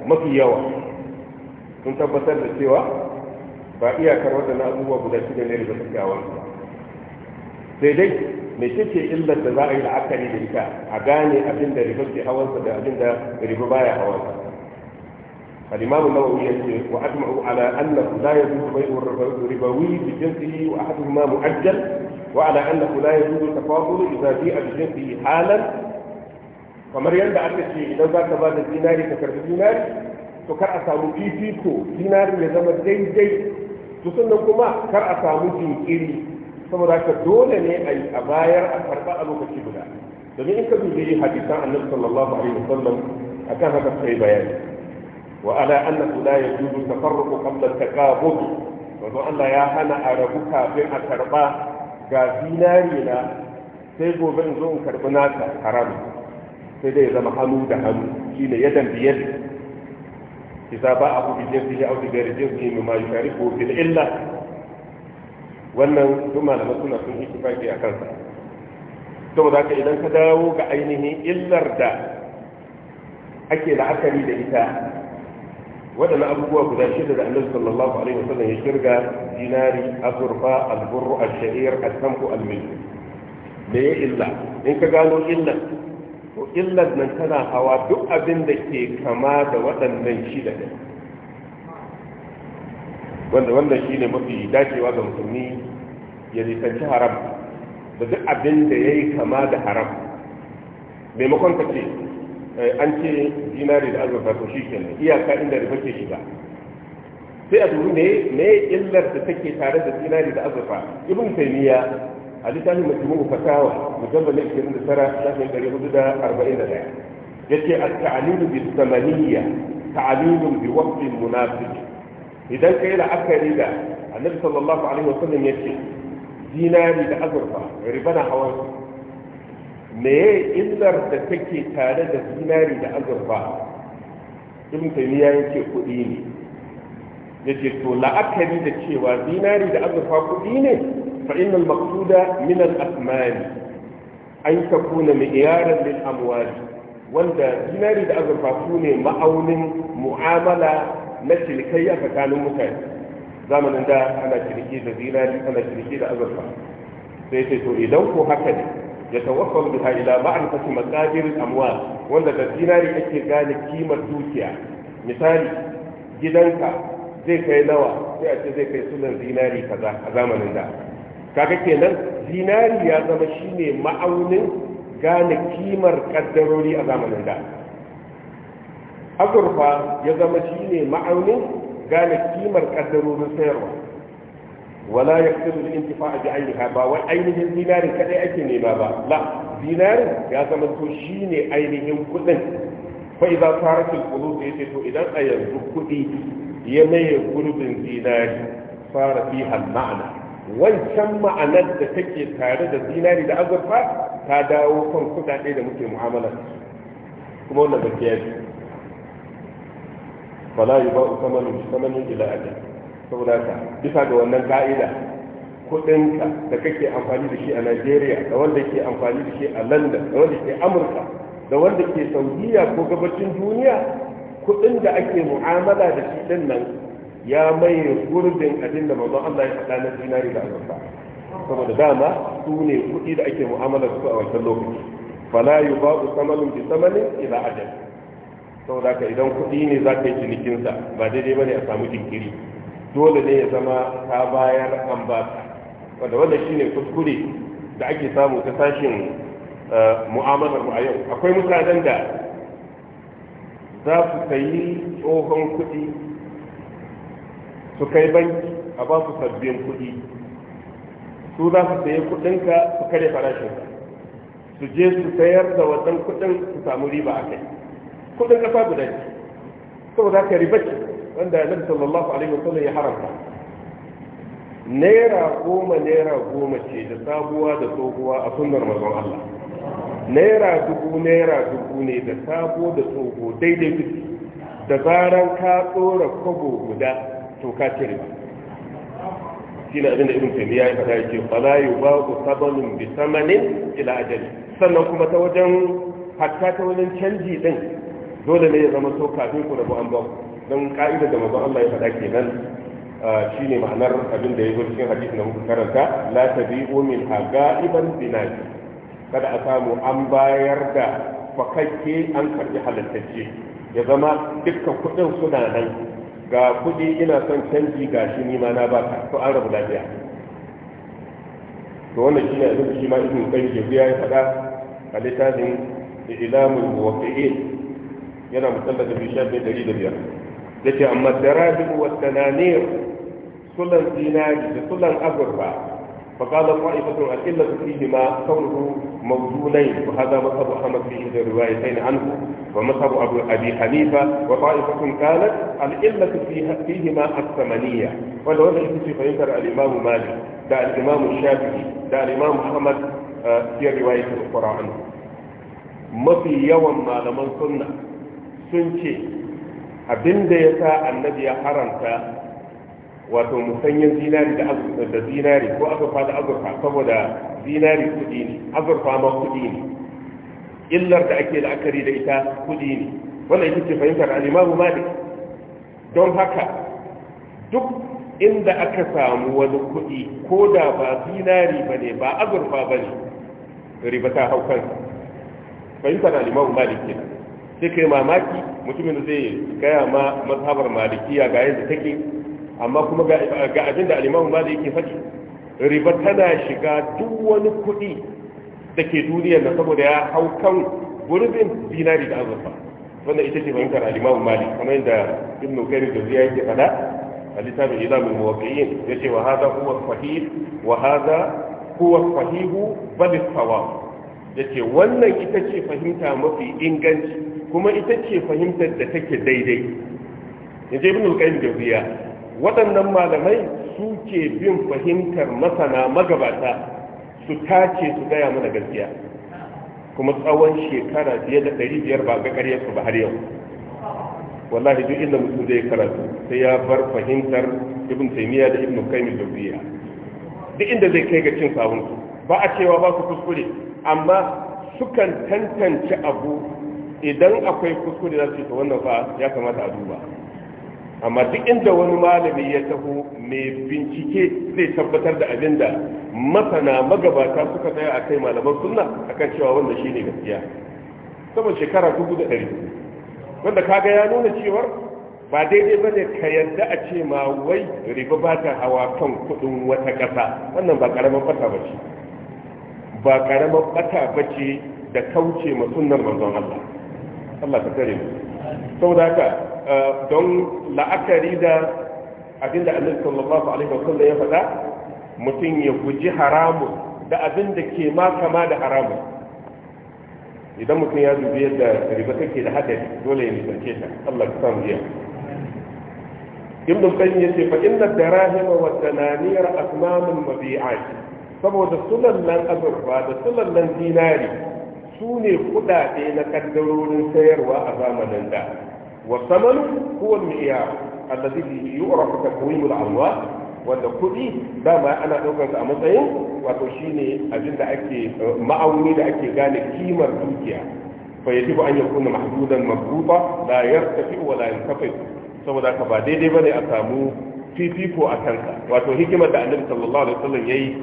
mafi yawa sun tabbatar da cewa ba iyakar na abubuwa guda shida ne daga a ba sai dai me ce illar da za a yi la'akari da ita a gane abin da riba ke hawansa da abin da riba baya hawansa al-imam an-nawawi yace wa ajma'u ala annahu la yajuzu bay'u ribawi bi jinsihi wa ahaduhuma mu'ajjal wa ala annahu la yajuzu tafadulu idza bi'a bi jinsihi halan kamar yadda aka ce idan za ka ba da dinari ka karbi dinari to kar a samu fifiko dinari ya zama daidai to sannan kuma kar a samu jinkiri saboda ka dole ne a yi a bayar a karɓa a lokaci guda domin in ka dubi hadisan annabi sallallahu alaihi wasallam akan haka sai bayani wa ala annahu la yajuzu tafarruqu qabla taqabud wato Allah ya hana a rabu kafin a karɓa ga zinari na sai gobe in zo in karɓi naka haram sai dai ya zama hannu da hannu shine yadan biyar إذا باعه بجنسه أو بغير جنسه مما يشاركه في العلة wannan duma da suna sun yi tufaki a kansa saboda haka idan ka dawo ga ainihin illar da ake la'akari da ita waɗannan abubuwa guda shida da annabi sallallahu alaihi wasallam ya kirga dinari azurfa alburu al-sha'ir al me ya illa in ka gano illan illar nan tana hawa duk abin da ke kama da waɗannan shida ne wanda wannan shi ne mafi dacewa ga mutumi ya nisanci haram da duk abin da ya yi kama da haram maimakon ka ce eh, an ce zinari da azurfa to shi kenan iyaka inda rufe ke shiga sai a duru ne ne illar da take tare da zinari da azurfa ibn taymiya a littafin majmu'u fatawa mujallal na 29 shafin 441 yace at-ta'limu bi zamaniyya ta'limu bi waqtin munafiq idan kai la'akari da annabi sallallahu alaihi ya ce zinari da azurfa na hawan meye illar da take tare da zinari da azurfa ibn taymiya ce kuɗi ne Ya ce to la'akari da cewa zinari da azurfa kuɗi ne فإن المقصود من الأثمان أن تكون معيارا للأموال wanda dinari da azurfa su ne ma'aunin mu'amala na a tsakanin mutane zamanin da ana ciniki da zinari ana ciniki da azurfa sai sai to idan ko haka ne ya tawakkal biha ila ma'rifati maqadir al-amwal wanda da zinari ake gane kimar dukiya misali gidanka zai kai nawa sai a ce zai kai sunan zinari kaza a zamanin da kaga kenan zinari ya zama shine ma'aunin gane kimar kaddarori a zamanin da azurfa ya zama shine ma'aunin gane kimar kaddarorin sayarwa wala ya al intifa bi bi'ainiha ba wai ainihin zinarin kadai ake nema ba la zinarin ya zama to shine ainihin kudin fa idza tarat al qulub yace to idan a yanzu kudi ya maye gurbin zinari fara fiha al-ma'na wancan ma'anar da take tare da zinari da azurfa ta dawo kan kudade da muke mu'amala kuma wannan gaskiya ce fala yuba'u thamanun thamanun ila ajal saboda ka bisa ga wannan ka'ida kudinka da kake amfani da shi a Najeriya da wanda ke amfani da shi a London da wanda ke Amurka da wanda ke Saudiya ko gabacin duniya kudin da ake mu'amala da shi din nan ya maye gurbin abin da manzon Allah ya faɗa na dinari da azurfa saboda dama su ne kuɗi da ake mu'amala su a wancan lokaci fala yubaqu samanun bi samanin ila ajal saboda ka idan kuɗi ne za ka yi cinikin sa ba daidai bane a samu jinkiri dole ne ya zama ta bayar an ba wanda wanda shine kuskure da ake samu ta sashin eh, mu'amalar mu a yau akwai mutanen da za su sayi tsohon kuɗi su kai banki a ba su sabbin kuɗi su za su sayi kuɗinka su kare farashinka su je su sayar da wannan kuɗin su samu riba a kai kuɗin ƙasa guda ce saboda ka riba ce wanda annabi sallallahu alaihi wasallam ya haramta naira goma naira goma ce da sabuwa da tsohuwa a sunnar manzon Allah naira dubu naira dubu ne da sabo da tsoho daidai duk da zaran ka tsora kwabo guda to ka ce riba shi ne abinda ibn taymiya ya faɗa yake fala yubaqu sabanun bi samanin ila ajali sannan kuma ta wajen hatta ta wajen canji din dole ne ya zama so kafin ku rabu an ba don ka'ida da manzon Allah ya faɗa kenan ne ma'anar abin da ya zo cikin hadisi na muka karanta la tabi'u min gaiban binaji kada a samu an bayar da fakakke an karbi halattacce ya zama dukkan kuɗin suna nan ga kuɗi ina son canji ga shi nima na ba ka to an rabu lafiya to wannan ne a da shi ma ibn qayyim biya ya faɗa a littafin ilamun muwaqqi'in yana da dari da biyar 105 yace amma darajin na ne sulan zinari da sulan azurfa فقال طائفة القلة فيهما كونه موجودين وهذا مذهب أحمد في الروايتين عنه ومذهب أبو أبي حنيفة وطائفة كانت القلة فيها فيهما الثمانية ولو أن فينكر الإمام مالك دا الإمام الشافعي دا الإمام أحمد في الرواية الأخرى عنه ما في يوم ما لمن سنة سنتي abin da ya sa annabi ya haramta wato musanyen zinari da da zinari ko azurfa da azurfa saboda zinari kudi ne azurfa ma kudi ne illar da ake la'akari da ita kudi ne wannan ita ce fahimtar alimamu malik don haka duk inda aka samu wani kudi ko da ba zinari ba ne ba azurfa ba ne riba ta hau kansa fahimtar alimamu malik kenan sai kai mamaki mutumin da zai gaya ma mazhabar malikiya ga yadda take amma kuma ga abin da alimamu malik yake faɗi riba tana shiga duk wani kuɗi da ke duniyar nan saboda ya hau kan gurbin dinari da azurfa wannan ita ce fahimtar alimamu mali. kamar yadda ibn kairi da ziya yake faɗa a littafin ilamin muwaƙiyin ya ce wa haza huwa fahim wa haza huwa fahihu balis fawa ya ce wannan ita ce fahimta mafi inganci kuma ita ce fahimtar da take daidai in je ibn kairi da ziya waɗannan malamai suke bin fahimtar masana magabata su tace su gaya mana gaskiya kuma tsawon shekara fiye da ɗari biyar ba ga su ba har yau wallahi duk inda mutum zai karatu sai ya bar fahimtar ibn taimiyya da ibn qayyim al duk inda zai kai ga cin sabon su ba a cewa ba su kuskure amma sukan tantance abu idan akwai kuskure za su yi wannan fa ya kamata a duba amma duk inda wani malami ya taho mai bincike zai tabbatar da abin da masana magabata suka tsaya a kai malaman sunna akan cewa wanda shi ne gaskiya saboda shekara dubu da ɗari wanda ga ya nuna cewar ba daidai ba ne ka yarda a ce ma wai riba ba ta hawa kan kuɗin wata ƙasa wannan ba ƙaramin ɓata ba ce ba ƙaramin ɓata ba ce da kauce ma sunnar manzon Allah Allah ta kare mu saboda haka don la'akari da abinda annabi sallallahu alaihi wasallam ya faɗa mutum ya guji haramun da abin da ke ma kama da haramun idan mutum ya dubi yadda riba take da hadari dole ya nisance ta Allah ya samu iya ibn qayyim yace fa inna darahim wa dananir asmamun mabi'at saboda sunan nan azurfa da sunan nan dinari su ne kudade na kaddarorin sayarwa a zamanin da والثمن هو المئيار الذي يعرف تكوين الأموال wanda kuɗi dama ana ɗaukar a matsayin wato shi ne abin da ake ma'auni da ake gane kimar dukiya fa ba an yakuna mahdudan mabruta la yartafi wa la yantafi saboda ka ba daidai ba ne a samu fifiko a kanka wato hikimar da annabi sallallahu alaihi wasallam yayi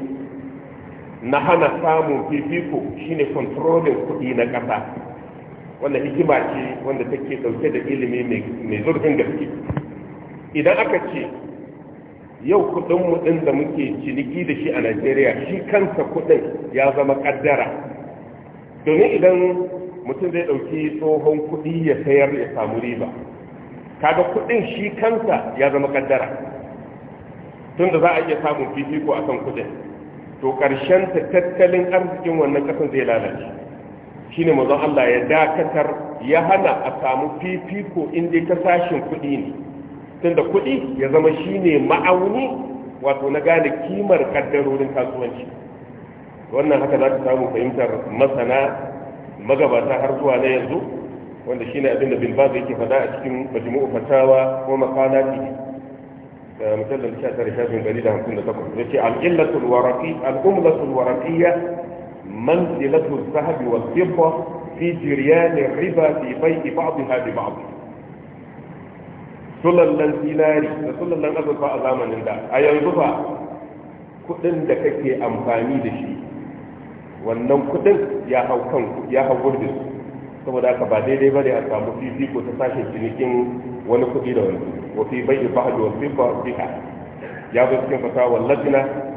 na hana samun fifiko shine controlling kuɗi na ƙasa wannan hikima ce wanda take dauke da ilimi mai zurfin gaske idan aka ce yau kudin mudin da muke ciniki da shi a Najeriya shi kansa kudin ya zama kaddara domin idan mutum zai dauki tsohon kudi ya sayar ya samu riba kaga kudin shi kansa ya zama kaddara tunda za a iya samun fifiko kan kudin to karshen tattalin arzikin wannan kasan zai lalace shine manzon Allah ya dakatar ya hana a samu fifiko in dai ta sashin kuɗi ne tunda kuɗi ya zama shine ma'auni wato na gane kimar kaddarorin kasuwanci wannan haka za ta samu fahimtar masana magabata har zuwa na yanzu wanda shine abin da bin baz yake faɗa a cikin majmu'u fatawa ko maqalati مجلد 19 شافين بريدة 58 يقول العملة الورقية العملة الورقية منزلة الذهب والفضة في جريان الربا في بيع بعضها ببعض sulallan zinari da sulallan azurfa a zamanin da a yanzu ba kudin da kake amfani da shi wannan kudin ya hau kan ya hau gurbin saboda haka ba daidai bane a samu fifiko ta sashen cinikin wani kudi da wani wa fi bai da ba'd wa fi ya zo cikin fatawa latina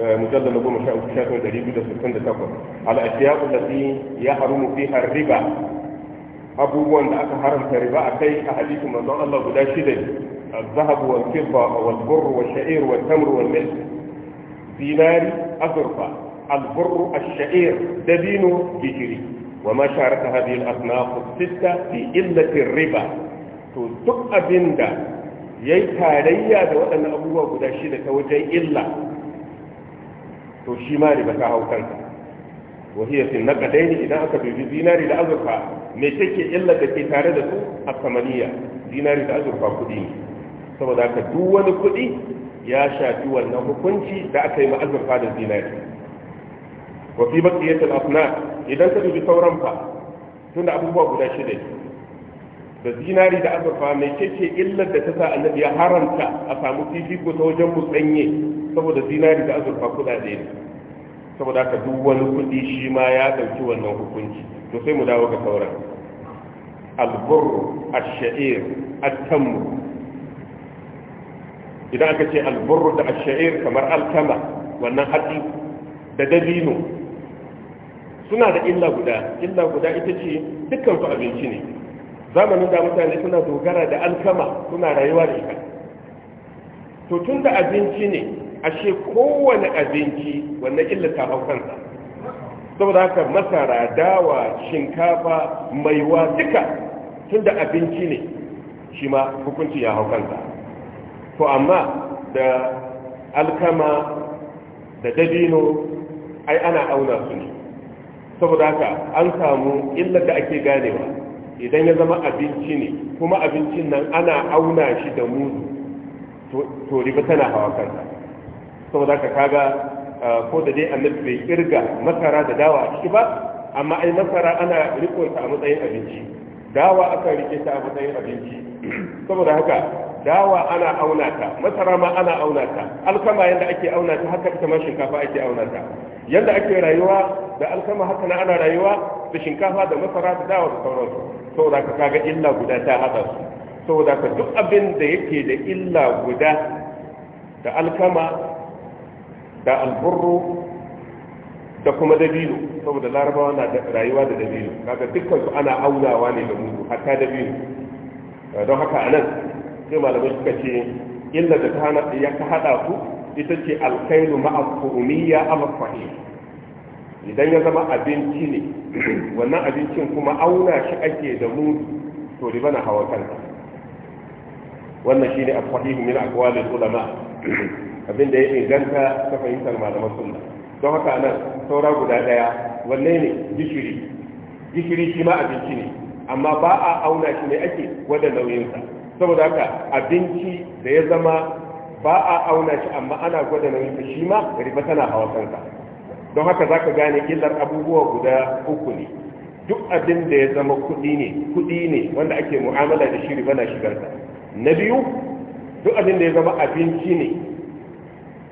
مجلد نقول مشاء وكشاف ودليل في السنة تكبر على الأشياء التي يحرم فيها الربا أبو وان لأك حرم الربا أكي أحاديث من الله بلا شدد الذهب والفضة والبر والشعير والتمر والملك دينار أزرفة البر الشعير دبين بجري وما شارك هذه الأصناف الستة في إلة الربا تدق بندا يي تاريا da أن abubuwa guda shida ta to shi ma riba ka hau kanka wa hiya sinnaka dai idan aka dubi dinari da azurfa me take illa da ke tare da su a samaniya dinari da azurfa kudi ne saboda haka duk wani kuɗi ya shafi wannan hukunci da aka yi ma'azurfa da dinari wa fi baqiyatil idan ka dubi sauran fa tunda abubuwa guda shida ne da dinari da azurfa me take illar da ta sa annabi ya haramta a samu fifiko ta wajen mu musanye saboda zinari da azurfa kudade ne saboda haka duk wani kuɗi shi ma ya ɗauki wannan hukunci to sai mu dawo ga sauran albur ash-sha'ir at-tamr idan aka ce albur da ash-sha'ir kamar alkama wannan hadi da dabino suna da illa guda illa guda ita ce dukkan su abinci ne zamanin da mutane suna dogara da alkama suna rayuwa da ita to tun da abinci ne ashe kowane abinci wannan illa ta hau kansa saboda haka masara dawa shinkafa maiwa duka tunda abinci ne shi ma hukunci ya hau kansa to amma da alkama da dabino ai ana auna su ne saboda haka an samu illar da ake ganewa idan ya zama abinci ne kuma abincin nan ana auna shi da mudu to riba tana hawa kansa saboda ka kaga ko da dai annabi bai kirga masara da dawa a ciki ba amma ai masara ana riko ta a matsayin abinci dawa aka rike ta a matsayin abinci [CLEARS THROAT] saboda haka dawa ana auna ta masara ma ana auna ta alkama yanda ake auna ta haka ita ma shinkafa ake auna ta yanda ake rayuwa da alkama haka na ana rayuwa da shinkafa da masara da dawa da sauransu saboda ka kaga illa guda ta hada su saboda ka duk abin da yake da illa guda da alkama da alburru da kuma dabino saboda larabawa na rayuwa da dabino kaga dukkan su ana aunawa ne da mudu hatta dabino eh, don haka anan sai malamai suka ce illa da ta ya ka hada su ita ce alkailu ma kurumiyya ama fahim idan ya zama abinci ne [CLEARS THROAT] wannan abincin kuma auna shi ake da mudu to riba na hawa kanta wannan shine ne fahim min aqwalil ulama [CLEARS THROAT] abin da ya inganta ta fahimtar malaman sunna don haka nan saura guda daya wanne ne gishiri gishiri shi ma abinci ne amma ba a auna shi ne ake gwada nauyinsa saboda haka abinci da ya zama ba a auna shi amma ana gwada nauyinsa shi ma riba tana hawa kanka don haka za ka gane illar abubuwa guda uku ne duk abin da ya zama kuɗi ne kuɗi ne wanda ake mu'amala da shi riba na shigarsa na biyu duk abin da ya zama abinci ne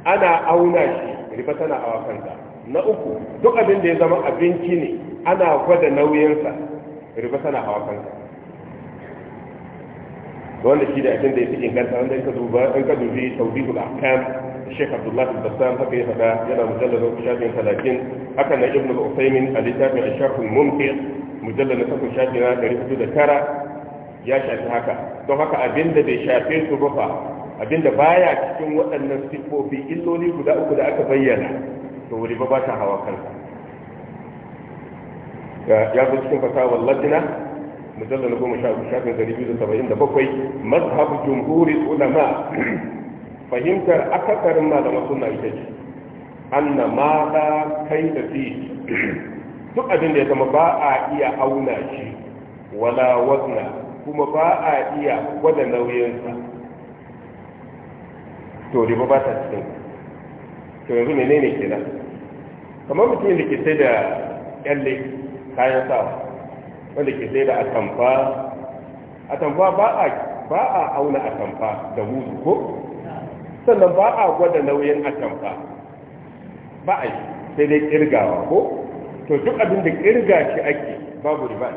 ana auna shi riba tana hawa kansa na uku duk abin da ya zama abinci ne ana gwada nauyinsa riba tana hawa kansa wanda shi da abin da ya fi inganta wanda ya duba an ka dubi tawdihul ahkam Sheikh Abdullah al Bassam haka ya faɗa yana mujallar shafin 30 haka na Ibn Uthaymeen a littafin Al-Sharh al-Mumti mujallar na takwas shafin tara ya shafi haka don haka abin da bai shafe su ba abinda baya cikin waɗannan siffofi illoli guda uku da aka bayyana to wuri ba ta hawa kansa ya zo cikin fasawar latina mujallar na goma shafin dari biyu da saba'in da bakwai mazhabu jumhurin ulama fahimtar akasarin malama suna ita ce anna mata kai da fi duk abin da ya zama ba a iya auna shi wala wazna kuma ba a iya gwada nauyinsa to riba ba ta cikin to yanzu ne ne kenan kamar mutumin da ke sai da yalle kayan sawa wanda ke sai da atamfa atamfa ba a ba a auna atamfa da hudu ko sannan ba a gwada nauyin atamfa ba a yi sai dai kirgawa ko to duk abin da kirga shi ake babu riba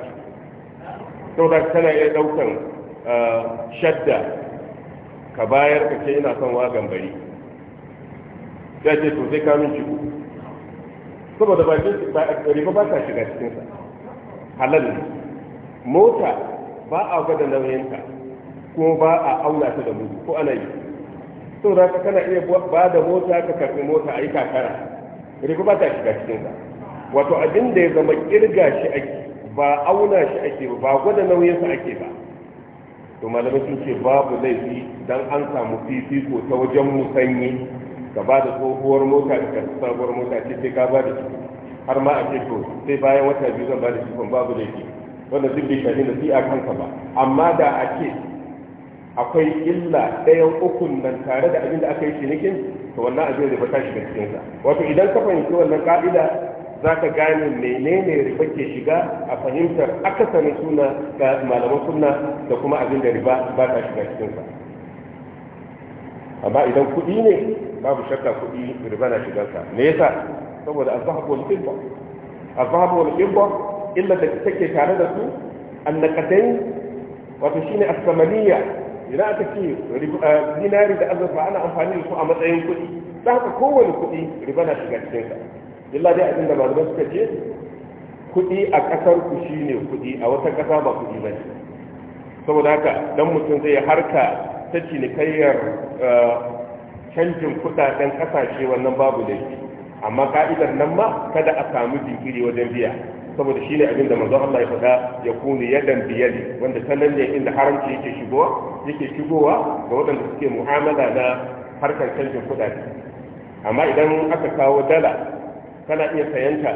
ce da tana iya daukan eh, shadda ka bayar ka ce ina son wagan bari ya ce to sai kamun ciko saboda ba riba ba ta shiga cikinsa halal ne mota ba a gwada nauyinta kuma ba a auna ta da mutu ko ana yi to za ka kana iya ba da mota ka karɓi mota a yi kakara riba ba ta shiga cikinsa wato abin da ya zama kirga shi ake ba auna shi ake ba ba gwada nauyinsa ake ba to malamai sun ce babu laifi dan an samu fifiko ta wajen musanyi ka ba da tsohuwar mota da sabuwar mota ce sai ka ba da shi har ma a ce to sai bayan wata biyu zan ba da shi babu laifi wanda duk bai shafi a kanka ba amma da a ce akwai illa ɗayan ukun nan tare da abin da aka yi cinikin to wannan abin da ba ta shiga cikinsa wato idan ka fahimci wannan ka'ida za ka gane menene riba ke shiga a fahimtar akasarin suna ga malaman sunna da kuma abin da riba ba ta shiga cikinsa amma idan kuɗi ne babu shakka kuɗi riba na shigarsa me yasa saboda azhabu wal fidda azhabu wal fidda illa da take tare da su annaqatain wato shine as-samaniya idan aka ce dinari eh, da azurfa ana amfani da su a matsayin kuɗi da haka kowane kuɗi riba na shiga cikinsa illa dai abinda malaman suka ce kuɗi a ƙasarku ku shine kuɗi a wata kasa ba kuɗi ba ne saboda haka dan mutum zai harka ta cinikayyar eh, canjin kudaden ƙasashe wannan babu da shi, amma ka'idar nan ma kada a samu jinkiri wajen biya saboda shine abinda da manzon Allah ya faɗa ya kuni yadan biyali wanda ta nan ne inda haramci yake shigowa yake shigowa ga waɗanda suke mu'amala na harkar canjin kuɗaɗe amma idan aka kawo dala kana iya sayanta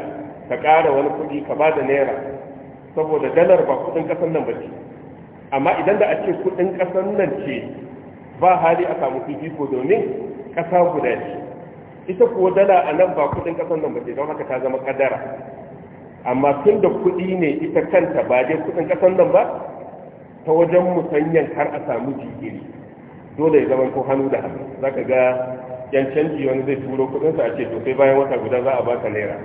ka ƙara wani kuɗi ka ba da naira saboda dalar ba kuɗin ƙasar nan ba ce amma idan da a ce kuɗin ƙasar nan ce ba hali a samu fifiko domin ƙasa guda ce ita kuwa dala a nan ba kuɗin ƙasar nan ba ce don haka ta zama ƙadara amma tun da kuɗi ne ita kanta ba dai kuɗin ƙasar nan ba ta wajen musanyan har a samu jigiri dole ya zama ko hannu da hannu za ka ga yan canji wani zai turo kudinsa a ce to sai bayan wata guda za a baka naira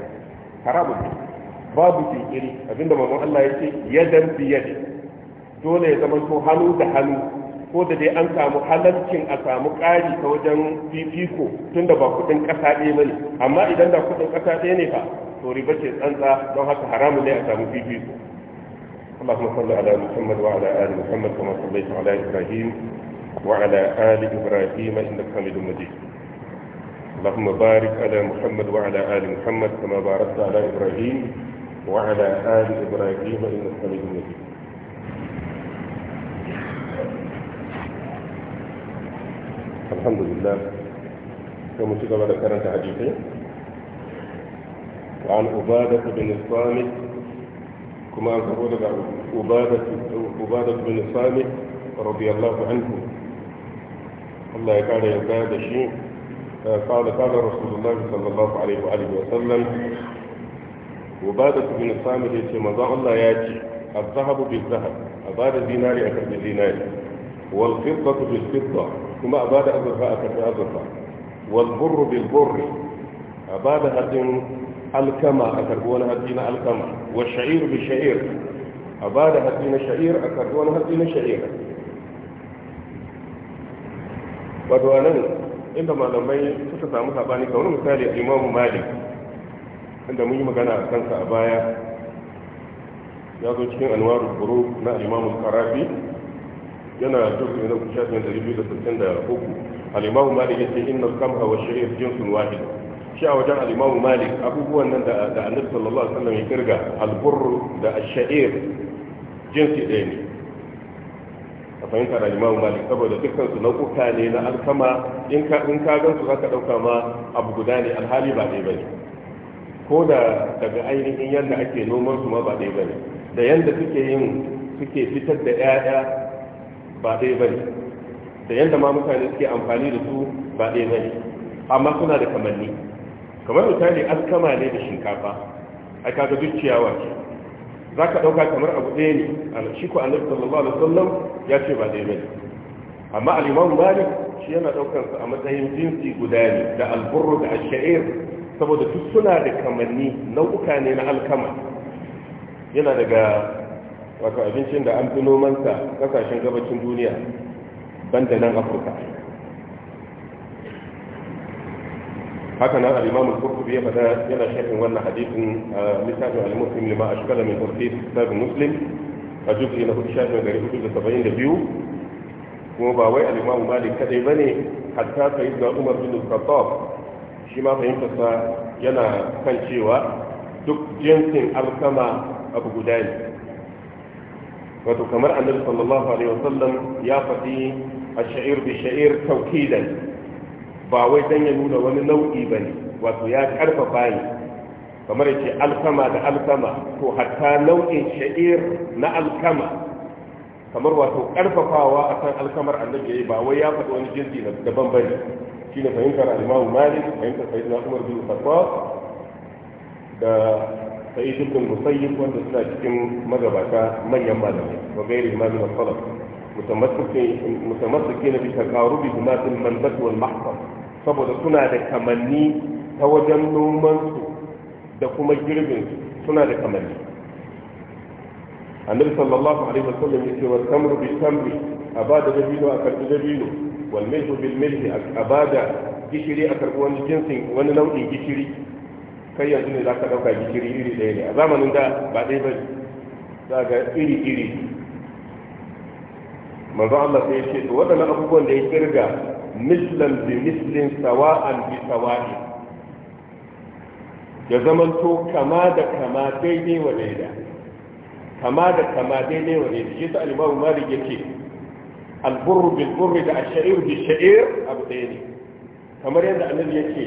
haramu ne babu jinkiri abinda mamman Allah ya ce yadan biyade dole ya zama to hannu da hannu ko da dai an samu halalcin a samu ƙari ta wajen fifiko tun da ba kudin ƙasa ɗaya ba ne amma idan da kudin ƙasa ɗaya ne fa to riba ce tsantsa don haka haramun ne a samu fifiko اللهم صل على محمد وعلى آل محمد كما صليت على إبراهيم وعلى آل إبراهيم إنك حميد مجيد اللهم بارك على محمد وعلى آل محمد كما باركت على إبراهيم وعلى آل إبراهيم إنك حميد مجيد الحمد لله كما ذكرنا ذكرت حديثين وعن عبادة بن الصامت كما أقول عبادة عبادة بن الصامت رضي الله عنه الله يقال عبادة شيء قال قال رسول الله صلى الله عليه وآله وسلم وبعد بن الصامت يتي مزاع الله ياتي الذهب بالذهب أباد الدينار أكرد الدينار والفضة بالفضة ثم أباد أزرفاء أكرد أزرفاء والبر بالبر أباد هدين الكما أكرد ولا هدين الكما والشعير بالشعير أباد هدين شعير أكرد ولا هدين شعير ودوانا inda malamai suka samu sabani ga wani misali imam malik inda mun yi magana a kansa a baya ya zo cikin anwarul buru na imam karafi yana jirgin na kushafin da al-imam malik yace inna al-kamha wa shari'a jinsun wahid shi a wajen al-imam malik abubuwan nan da annabi sallallahu alaihi wasallam ya kirga al-burr da al shair jinsi ɗaya ne fahimta fahimtar imam malik saboda dukkan su nau'uka ne na alkama in ka in ka gansu zaka dauka ma abu guda ne alhali ba dai bane ko da daga ainihin yanda ake noman su ma ba dai bane da yanda suke yin suke fitar da 'ya'ya ba dai bane da yanda ma mutane suke amfani da su ba dai bane amma suna da kamanni kamar misali alkama ne da shinkafa ai kaga duk ciyawa ce za ka ɗauka kamar abu ɗaya ne shiku a sallallahu alaihi wasallam ya ce ba zai ne amma al malik shi yana ɗaukar su a matsayin jinsi guda ne da alburu da ash saboda duk suna da kamanni nau'uka ne na alkama yana daga wato abincin da an fi nomansa kasashen gabacin duniya banda nan afirka haka nan al-imam al-qurtubi ya fada yana sharhin wannan hadisin littafin al-muslim lima ashkala min qurtubi kitab muslim a juz'i na hudu shafin da da saba'in biyu kuma ba wai al-imam malik kadai ba ne hatta sayyid da umar bin al-khattab shi ma fahimtarsa yana kan cewa duk jinsin alkama abu guda ne wato kamar annabi sallallahu alaihi wasallam ya faɗi a sha'ir bi sha'ir taukidan ba wai dan ya nuna wani nau'i ba ne wato ya karfafa ne kamar yake alkama da alkama to hatta nau'in sha'ir na alkama kamar wato karfafawa akan alkamar annabi yayi ba wai ya faɗi wani jinsi daban bane shine fahimtar al-Imam Malik fahimtar Sayyidina Umar bin Khattab da Sayyid ibn Musayyib wanda suna cikin magabata manyan malamai wa gairi imamin al-Salaf mutamassikin na bi taqarubihima fil manbat wal mahfaz saboda suna da kamanni ta wajen nomansu da kuma girbin suna da kamanni annabi sallallahu alaihi wasallam yake wa tamru bi tamri abada dabino a karbi dabino wal milhu bil milhi abada gishiri a karbi wani jinsin wani nau'in gishiri kai yanzu ne zaka dauka gishiri iri daya ne a zamanin da ba ɗaya ba za ga iri iri manzo Allah sai ya ce to waɗannan abubuwan da ya kirga mislan bi mislin sawa'an bi sawa'i ya zamanto kama da kama daidai wa daida kama da kama daidai wa daida shi ta alimawu malik yake alburru bil da ash'ir bi sha'ir abu ɗaya ne kamar yadda annabi yake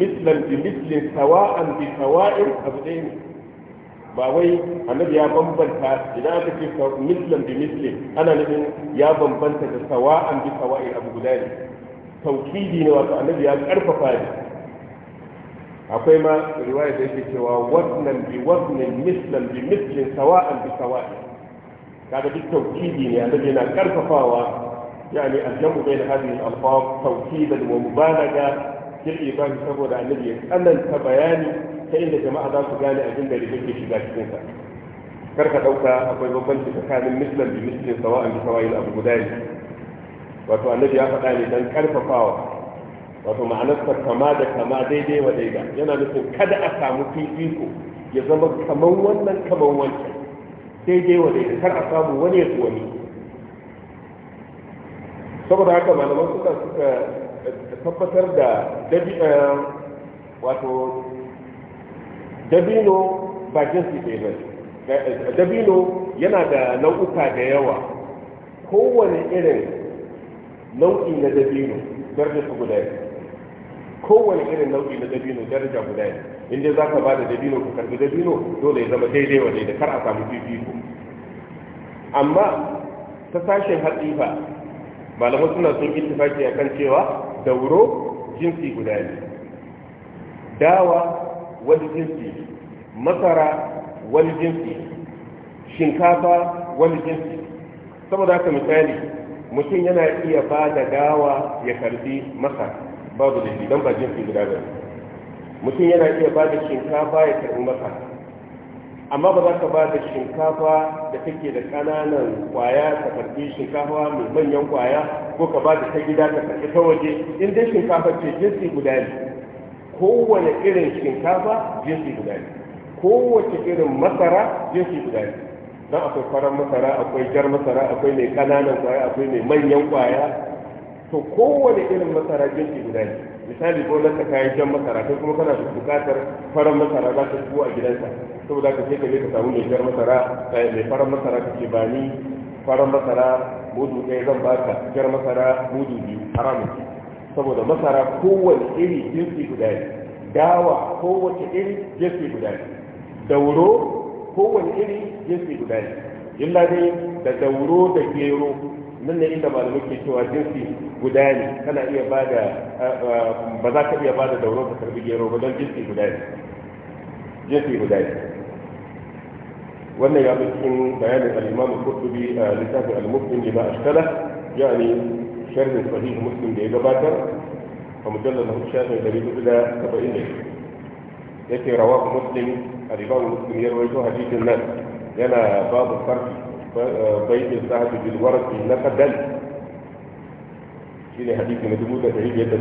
mislan bi mislin sawa'an bi sawa'in abu ɗaya ne ba wai annabi ya bambanta idan aka ce mislin ana nufin ya bambanta da bi abu guda ne taukidi ne wata annabi ya karfafa ne akwai ma riwaya da yake cewa wannan bi wannan mislan bi mislin sawa'an bi sawa'i kaga duk taukidi ne annabi yana karfafawa yani aljamu bain hadhihi al-alfaz tawkidan wa mubalaga fil iban saboda annabi ya tsananta bayani ta inda jama'a za su gane abin da yake shiga cikin sa karka dauka akwai babban tsakanin mislan bi mislin sawa'an bi sawa'i abu guda ne wato annabi ya faɗa ne don karfafawa wato ma'anarsa kama da kama daidai wa daida yana nufin kada a samu fifiko ya zama kaman wannan kaman wancan daidai wa daida kar a samu wani ya wani saboda haka malaman suka suka eh, tabbatar da eh, wato dabino ba jinsi ɗaya ba eh, dabino yana da nau'uka da yawa kowane irin nau'i na dabino daraja su guda ne kowane irin nau'i na dabino daraja guda ne in za ka ba da dabino ka karbi dabino dole ya zama daidai wa daidai kar a samu fifiko amma ta sashen malamai fa suna sun a kan cewa dauro jinsi guda ne dawa wani jinsi masara wani jinsi shinkafa wani jinsi saboda haka misali mutum yana iya ba da dawa ya karbi masa babu da don ba jinsi guda ba mutum yana iya ba da shinkafa ya karbi masa amma ba za ka ba da shinkafa da take da ƙananan kwaya ka karbi shinkafa mai manyan kwaya ko ka ba da ta gida ka karbi ta waje in dai shinkafa ce jinsi guda ne kowane irin shinkafa jinsi guda ne kowace irin masara jinsi guda ne don akwai farar masara akwai jar masara akwai mai kananan kwaya akwai mai manyan kwaya to kowane irin masara jinsi guda ne misali ko na ka kayan jan masara kai kuma kana da bukatar farar masara za ta shigo a gidansa saboda ka sai ka je ka samu mai jar masara eh, mai farar masara ce ba ni farar masara mudu ɗaya zan baka jar masara mudu biyu haramun saboda masara kowane iri jinsi guda ne dawa kowace iri jinsi guda ne dauro kowane iri jinsi guda ne illa dai da dauro da gero nan ne inda malamu ke cewa jinsi guda ne kana iya bada ba za ka iya bada dauro ka karbi gero ba don jinsi guda ne jinsi guda ne wannan ya fi cikin bayanin al-imam qurtubi a littafin al-muslim lima ya ne sharhin sahih muslim da ya gabatar a mujallar na shafin 470 yake rawahu muslim al-imam muslim ya rawaito hadisin nan yana babu farki baitin sahabi bil warqi na kadal shine hadisi na 1587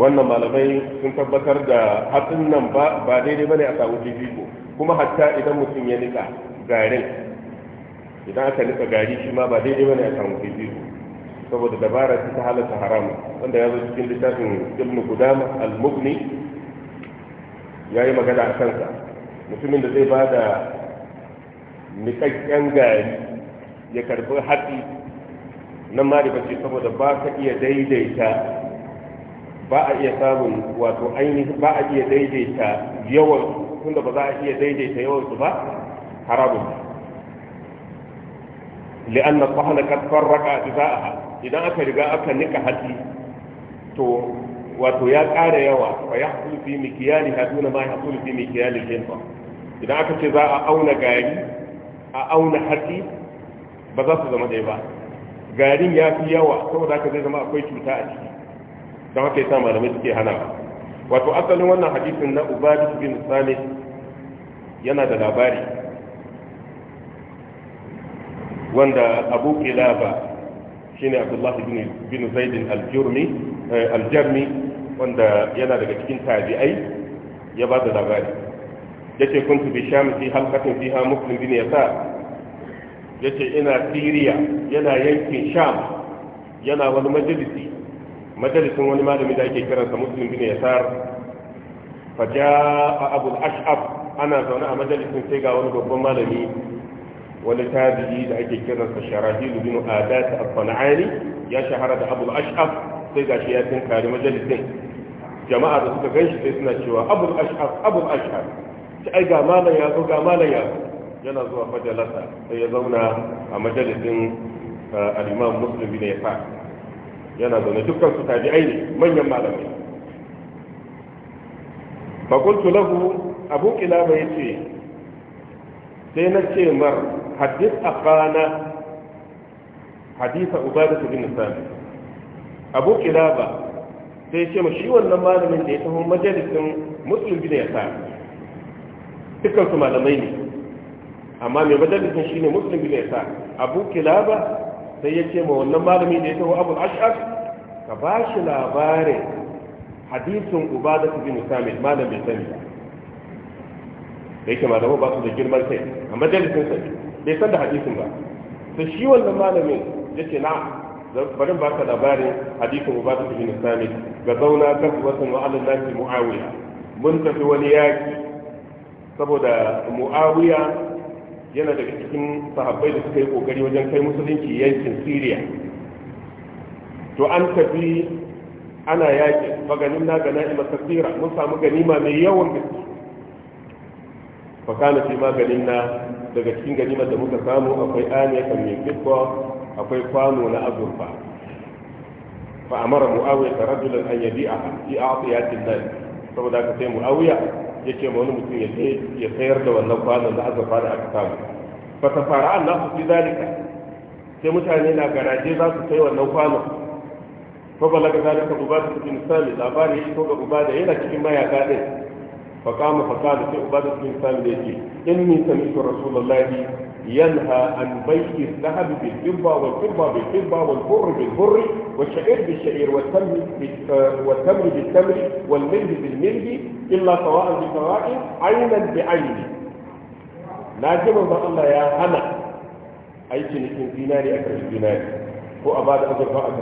wannan malamai sun tabbatar da hatsin nan ba ba daidai bane a samu fifiko kuma hatta idan mutum ya nika garin idan aka nika gari shi ma ba daidai bane a samu fifiko saboda dabara ta halatta haramu wanda ya zo cikin littafin ibn kudama al-mughni ya yi magana a kansa mutumin da zai ba da niƙaƙƙen gari ya karbi hatsi nan ma riba saboda ba ka iya daidaita ba a iya samun wato ainihin ba a iya daidaita yawan tunda ba za a iya daidaita yawan su ba haramun li'anna sahana kad farraqa jizaaha idan aka riga aka nika hatsi to wato ya ƙara yawa wa ya hasulu fi mikiyali haduna ma ya hasulu fi mikiyali jinfa idan aka ce za a auna gari a auna hatsi ba za su zama dai ba garin ya fi yawa saboda aka zai zama akwai cuta a ciki don haka yasa malamai suke hana wato asalin wannan hadisin na ubadi bi misali yana da labari wanda abu kilaba shine abdullah ibn bin zaid al-jurmi eh, al-jarmi wanda yana daga cikin tabi'ai ya ba da labari yace kuntu bi sham fi halqatin fiha muslim bin yasa yace ina siriya yana yankin sham yana wani majalisi majalisin wani malami da ake kiran kiransa muslim bin yasar faja abul ash'ab ana zaune a majalisin sai ga wani babban malami wani tabi'i da ake kiran kiransa sharahilu bin adat al-sanani ya shahara da abul ash'ab sai gashi ya tinkari majalisin jama'a da suka ganshi sai suna cewa abul ash'ab abul ash'ab ta ai ga malam ya zo ga malam ya zo yana zuwa majalasa sai ya zauna a majalisin eh, al-imam muslim bin yafa yana zaune dukkan su tabi'ai ne manyan malamai fa qultu lahu abu kilaba yace sai na ce mar حديث أقانا hadisa ubadatu بن sami أبو kilaba sai ce shi wannan malamin da ya بن majalisin muslim ثم yasa dukkan su malamai ne amma mai majalisin shine kilaba sai ya ce ma wannan malamin da ya taho abu ash'ar ka ba shi labarin hadisin ubadatu bin sami malamin sani da yake malamu ba su da girman kai a majalisin sani bai san da hadisin ba to shi wannan malamin ya ce na'am bari ba ka labarin hadisin ubatu bin sami ga zauna kan wasan wa muawiya mun tafi wani yaki saboda muawiya yana daga cikin sahabbai da suka yi kokari wajen kai musulunci yankin syria to an tafi ana yaki maganin na gana ima mun samu ganima mai yawan gaske fa kana fi maganin na daga cikin ganimar da muka samu akwai aniyatan min kitwa akwai kwano na azurfa fa amara muawiya ta rajulan an yabi'a fi a'tiyatin nan saboda aka sai muawiya yake ma wani mutum ya sayar da wannan kwano na azurfa da aka samu fa tafara an nasu fi zalika sai mutane na garaje za su sai wannan kwano ko balaga zalika ubada cikin sami labari ko ga ubada yana cikin mayaka din فقام فقال في عبادة بن سالم إني سمعت رسول الله ينهى عن بيع الذهب بالفضة والفضة بالفضة والبر بالبر والشعير بالشعير والتمر آه، بالتمر والملح بالملح إلا سواء بسواء عينا بعين لازم الله يا هنا أي شيء zinari a karshe zinari ko a ba da azurfa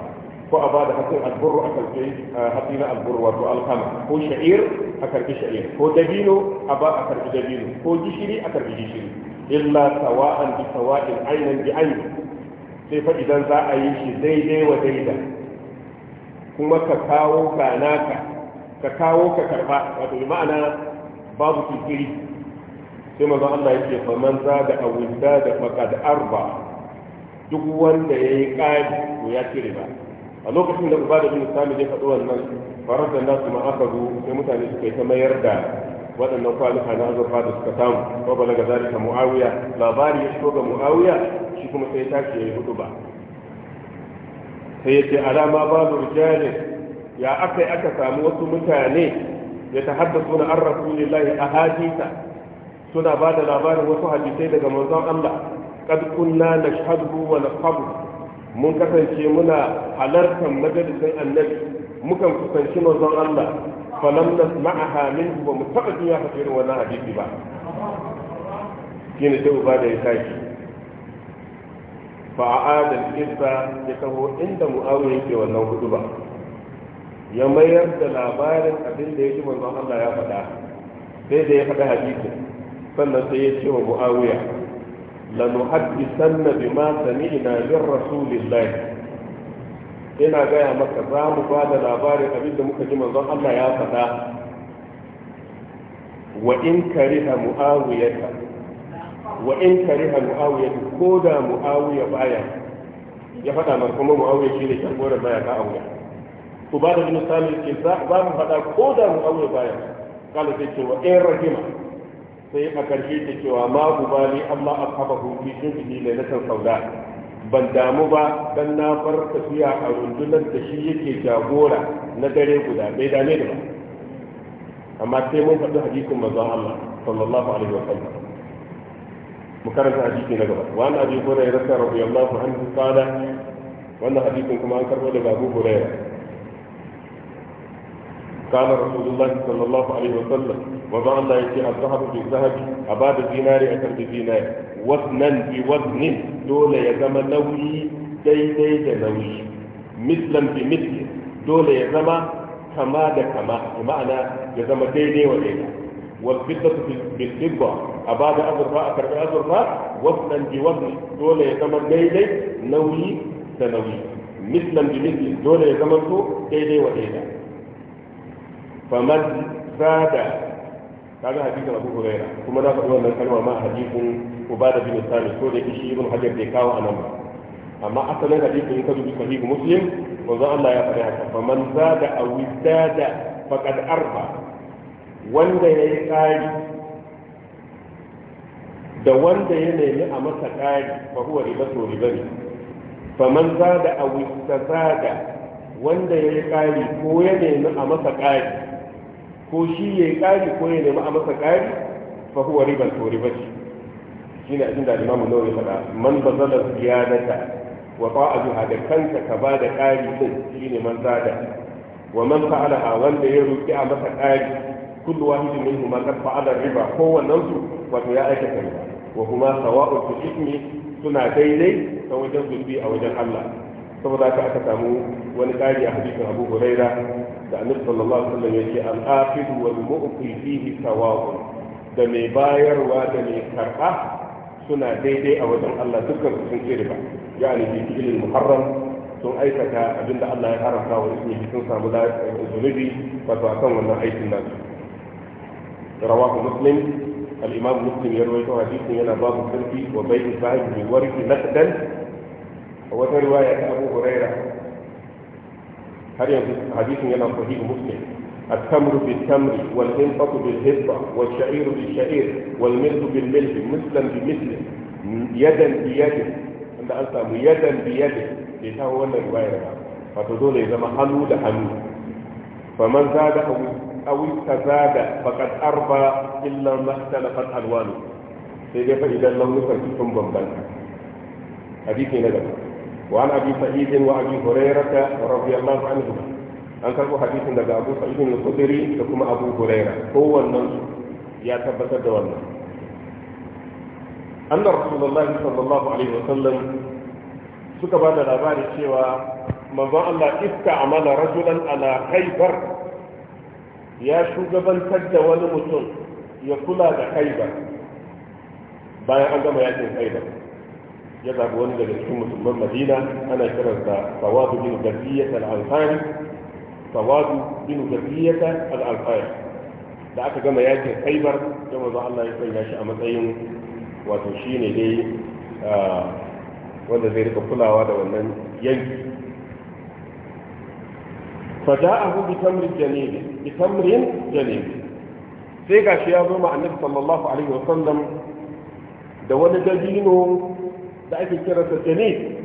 a ko a bada hatsin alburu a karfi hatsi na alburu wato alkama ko sha'ir a karfi sha'ir ko dabino a ba a karfi dabino ko gishiri a karfi gishiri illa sawa'an bi sawa'in aynan bi aynin sai fa idan za a yi shi daidai wa daida kuma ka kawo ka naka ka kawo ka karba wato bi ma'ana babu kikiri sai mazan Allah ce fa man da awinda da faqad arba duk wanda ya yi qadi ko ya ci riba a lokacin da ubada bin sami ya faɗi wannan faransa da nasu ma aka sai mutane suka yi ta mayar da waɗannan kwanuka na azurfa da suka samu ko balaga zalika muawiya labari ya shigo ga muawiya shi kuma sai tashi ya yi hudu ba sai ya ce alama babu rijalin ya aka yi aka samu wasu mutane ya ta haddasa wani an rasulillahi a hadisa suna ba da labarin wasu hadisai daga manzon Allah kad kunna nashhadu wa naqabu mun kasance muna halartar majalisin annabi mukan kusanci mazan Allah falam nasma'aha minhu ba mu taɓa jin ya faɗi irin wannan hadisi ba shine sai uba da ya tashi fa a'ada al-qissa ya kawo inda mu'awiya yake wannan hudu ba ya mayar da labarin abin da yake manzon Allah ya faɗa sai da ya faɗa hadisi sannan sai ya ce wa mu'awiya lanuhaddisanna bima sami'na min rasulillah ina gaya maka za mu ba da labarin abinda muka ji manzon Allah ya faɗa wa in kariha muawiyata wa in kariha muawiyata ko da muawiya baya ya faɗa maka kuma muawiya shi ne jagoran mayaka ka wuya ku ba da misali ke za mu faɗa ko da muawiya baya kala sai ce wa in rahima sai a karshe ta cewa ma ni amma a kafa hunki sun fi lailatar sauda ban damu ba dan na far tafiya a rundunar da shi yake jagora na dare guda bai dame da ba amma sai mun faɗi hadisin manzon Allah sallallahu alaihi wa sallam mu karanta hadisi na gaba wa an abi hurairah radiyallahu anhu qala wannan hadisin kuma an karbo daga abu hurairah قال رسول الله صلى الله عليه وسلم وضع الله يتي الذهب بالذهب أباد دينار أكر بدينار وزنا بوزن دول يزم نوي دي دي نوي مثلا بمثل دول يزم كما دا كما بمعنى يزم دي دي ودي والفضة بالفضة أباد أزرفا أكر بأزرفا وزنا بوزن دول يزم دي دي نوي دنوي مثلا بمثل دول يزم دي دي ودي faman zada kaga hadisin abu huraira kuma na faɗi wannan kalma ma hadisin ubada bin sami ko da shi ibn hajar bai kawo anan ba amma asalin hadisin ka dubi sahih muslim manzo Allah ya faɗi haka faman zada aw zada faqad arba wanda yayi ƙari da wanda ya nemi a masa ƙari fa huwa ribatu ribani faman zada aw zada wanda yayi ƙari ko ya nemi a masa ƙari ko shi ya yi ƙari ko ya nemi a masa ƙari fa huwa riban to riba ce shi ne abin da imamu nawawi faɗa man bazala ziyadata wa ta'aduha da kanta ka ba da ƙari din shi ne man zada wa man fa'alaha wanda ya roki a masa ƙari kullu wahidin minhu ma qad fa'ala riba ko wannan su wato ya aikata riba wa kuma sawa'u fil ismi suna daidai ta wajen zubi a wajen Allah saboda haka aka samu wani ƙari a hadisin abu huraira da annabi sallallahu alaihi wasallam yake al-afidu wal mu'ti fihi sawa'un da mai bayarwa da mai karɓa suna daidai a wajen Allah dukkan su sun kiri ba ya ne bi fi'il muharram sun aikata abinda Allah ya haramta wa ismi sun samu lafiya eh, zunubi wato akan wannan aikin nasu rawahu muslim al-imam muslim ya rawaito hadisin yana babu sirri wa bai'u sahibi warqi naqdan wata riwaya ta abu huraira har yanzu hadisin yana sahih muslim التمر بالتمر والهبة بالهبة والشعير بالشعير والملح بالملح مثلا بمثل يدا بيد عند أن يدا بيد ليس هو ولا رواية إذا ما حلو لحلو فمن زاد أو أو تزاد فقد أربى إلا ما اختلفت ألوانه sai dai fa idan launukan su sun hadisi وعن ابي سعيد وابي هريره رضي الله عنهما ان كان حديث عند ابو سعيد الخدري ثم ابو هريره هو النص يا ثبت الدولة ان رسول الله صلى الله عليه وسلم suka ba da labari cewa manzon Allah iska amala rajulan ala khaybar ya shugabantar da wani mutum ya kula da khaybar bayan an gama yakin khaybar ya zaɓi wani daga cikin musulman madina ana kiransa sawadu bin garbiyat al-ansari sawadu bin garbiyat al-ansari da aka gama yakin khaibar da manzo Allah ya sanya shi a matsayin wato shine dai wanda zai rika kulawa da wannan yanki bi فجاءه بتمر جنيب بتمر جنيب sai ga shi ya zo ma annabi sallallahu alaihi wa sallam da wani dabino da ake kiransa janin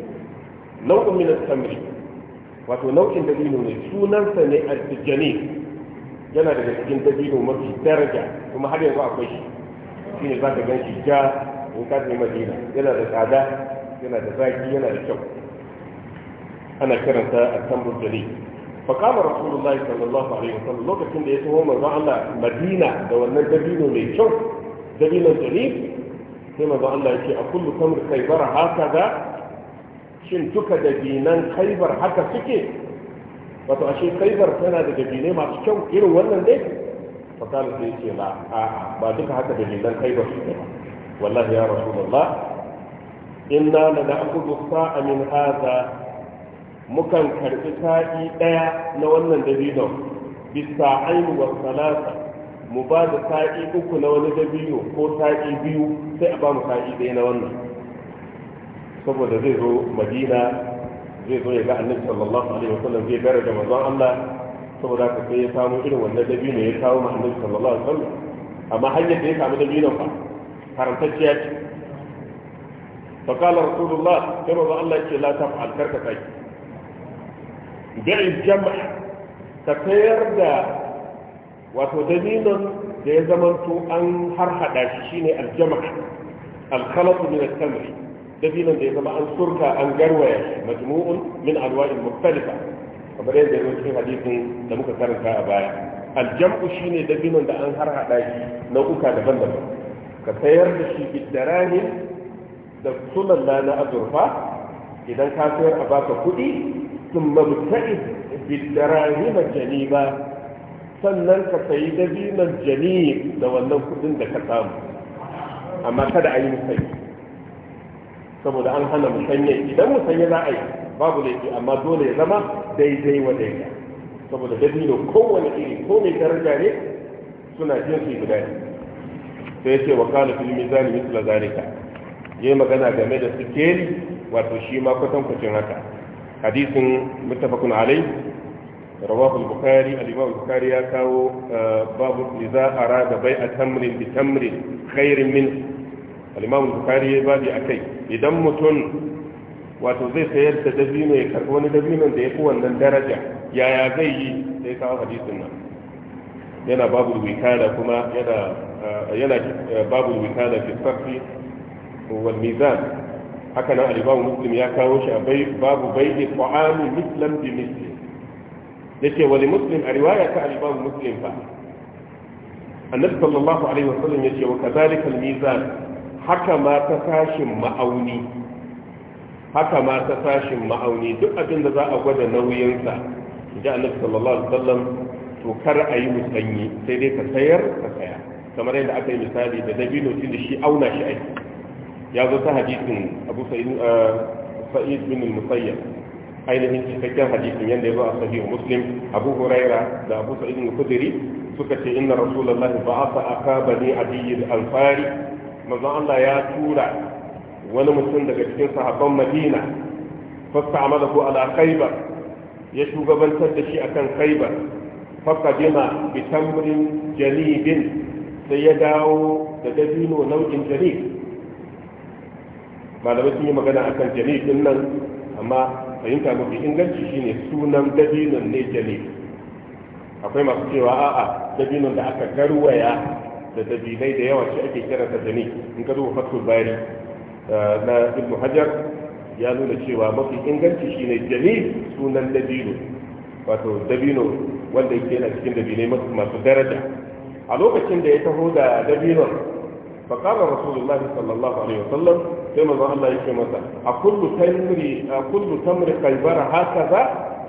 nau'in min al-tamri wato da dabino ne sunan sa ne al tijani yana daga cikin da dabino mafi daraja kuma har yanzu akwai shi shine za ka gan shi ja in ka je madina yana da tsada yana da zaki yana da kyau ana kiransa al-tamru janin فقام رسول الله صلى الله عليه وسلم لوكا كنت يتوه من الله da دو أن الدبين ميشو دبين jali sai maza Allah ya ce a kullum tamr kaibar haka da shin duka dabinan kaibar haka suke wato ashe kaibar tana da dabinai masu kyau irin wannan dai fakala sai ce na, a'a ba duka haka dabinan kaibar suke ba wallahi ya rasulullah inna la na'khudhu sa'a min haza, mukan karɓi sa'i ɗaya na wannan dabinon bisa ainu wa salasa mu ba da sa'i uku na wani dabino ko sa'i biyu sai a ba mu sa'i ɗaya na wannan saboda zai zo madina zai zo ya ga annabi sallallahu alaihi wasallam zai gara da manzon Allah saboda haka sai ya samu irin wannan dabino ya kawo ma annabi sallallahu alaihi wasallam amma hanyar da ya samu dabinon fa karantacciya ce فقال رسول الله كما قال الله لا تفعل كركتك دع الجمع تكير دا wato dabinon da ya zamanto an harhaɗa shi shine aljama'a alkhalatu min al-tamri dabinon da ya zama an surka an garwaya shi majmu'un min alwa'in mukhtalifa kamar yadda ya cikin hadisin da muka karanta a baya aljam'u shine dabinon da an harhaɗa shi nau'uka daban-daban ka sayar da shi bidarahin da sunan na azurfa idan ka sayar a baka kuɗi ثم ابتئس بالدراهم jami'a. sannan ka sayi dabinan jani da wannan kudin da ka samu amma kada ayi yi saboda an hana musanya idan musanya za a yi babu laifi amma dole ya zama daidai wa daidai saboda dabino kowane iri ko mai daraja ne suna su guda ne sai ce wa kana fil mizan misla zalika yayi magana game da sikeli wato shi ma kwatankwacin haka hadisin muttafaqun alai رواه البخاري الإمام البخاري يكاو باب إذا أراد بيع تمر بتمر خير منه الإمام البخاري باب أكي إذا متن wato zai sayar da dabino ya karɓi wani da ya fi wannan daraja yaya zai yi sai kawo hadisin nan babu wikala kuma yana yana babu wikala fi sarfi wal ya kawo shi babu yace wani muslim a riwaya ta al-imam muslim fa annabi sallallahu alaihi wasallam yace wa kadhalika al-mizan haka ma ta sashin ma'auni haka ma ta sashin ma'auni duk abin da za a gwada nauyinsa ji annabi sallallahu alaihi wasallam to kar a yi musanyi sai dai ka sayar ka saya kamar yadda aka yi misali da dabino tun da shi auna shi aiki ya zo ta hadisin abu sa'id eh, bin musayyab ainihin cikakken hadisin yadda ya zo a sahih muslim abu huraira da abu sa'id al suka ce inna rasulullahi ba'atha akaba ni adiyil alfari manzon Allah ya tura wani mutum daga cikin sahabban Madina ko ala khaybar ya shugabantar da shi akan khaybar faqadima bi tamrin janibin sai ya dawo da dabino nau'in janib malamai sun yi magana akan janib nan amma fahimta mafi inganci shine sunan dabinon ne jale akwai masu cewa a'a dabinon da aka garwaya da dabinai da yawa shi ake kiransa jane in ka duba fatul bari eh, na ibnu hajar ya nuna cewa mafi inganci shine jale sunan dabino wato dabino wanda yake yana cikin dabinai masu daraja a lokacin da ya taho da dabinon فقال رسول الله sallallahu alaihi عليه sai manzo Allah yake masa a kullu tamri a kullu tamri haka za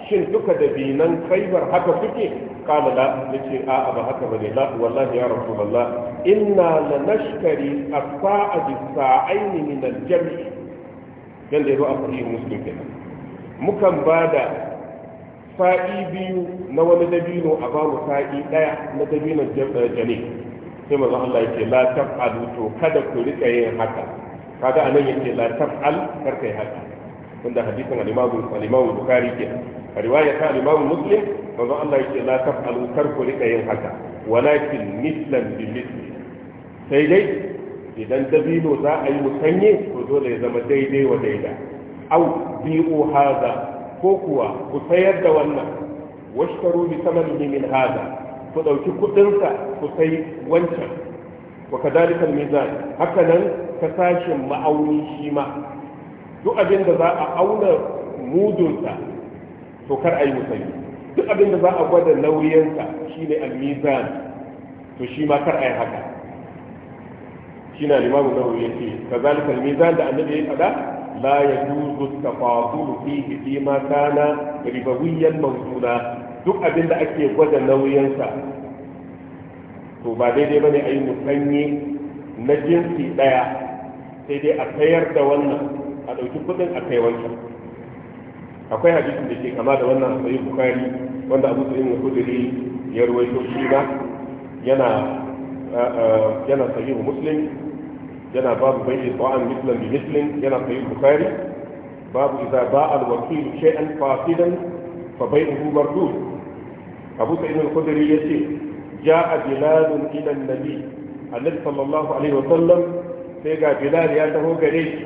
shin duka da binan khaybar haka suke kala la yace a a ba haka bane la wallahi ya rasulullah inna lanashkari as-sa'a bis-sa'ain min al-jam'i dan da ruwa fari muslim kenan mukan bada sa'i biyu na wani dabino a ba mu sa'i daya na dabinon eh, jami sai manzo Allah yake la taf'alu to kada ku rika yin haka kaga anan yake la taf'al karka yi haka tunda hadisin al-Imam al-Imam Bukhari ke riwaya ta al-Imam Muslim manzo Allah yake la taf'al karku rika yin haka walakin mislan bi misli sai dai idan dabino za a yi musanye to dole ya zama daidai wa daida au bi'u hada ko kuwa ku sayar da wannan washkaru bi samanihi min hada ku dauki kudinsa ku sai wancan wa kadhalika al-mizan haka nan ta sashin ma'auni shi ma duk abin da za a auna mudunsa to kar a yi musayi duk abin da za a gwada nauyinsa ne al-mizan to shi ma kar a yi haka shine na imamu nawawi yace kadhalika al-mizan da annabi ya faɗa la yajuzu at-tafadulu fihi fi ma kana ribawiyan mawduna duk abin da ake gwada nauyinsa to ba daidai ba ne a yi musanye na jinsi ɗaya sai dai a sayar da wannan a ɗauki kuɗin a kai wancan akwai hadisin da ke kama da wannan a sayi bukari wanda abu su inu kudiri ya ruwaito shi ba yana yana sahihu muslim yana babu bai ta'an mislan bi mislin yana sahihu bukari babu idza ba'a al-wakil shay'an fasidan fa bai'uhu mardud abu sa'id al-khudri yace ja'a bilalun ila nabi annabi sallallahu alaihi wa sallam sai ga bilal ya taho gare shi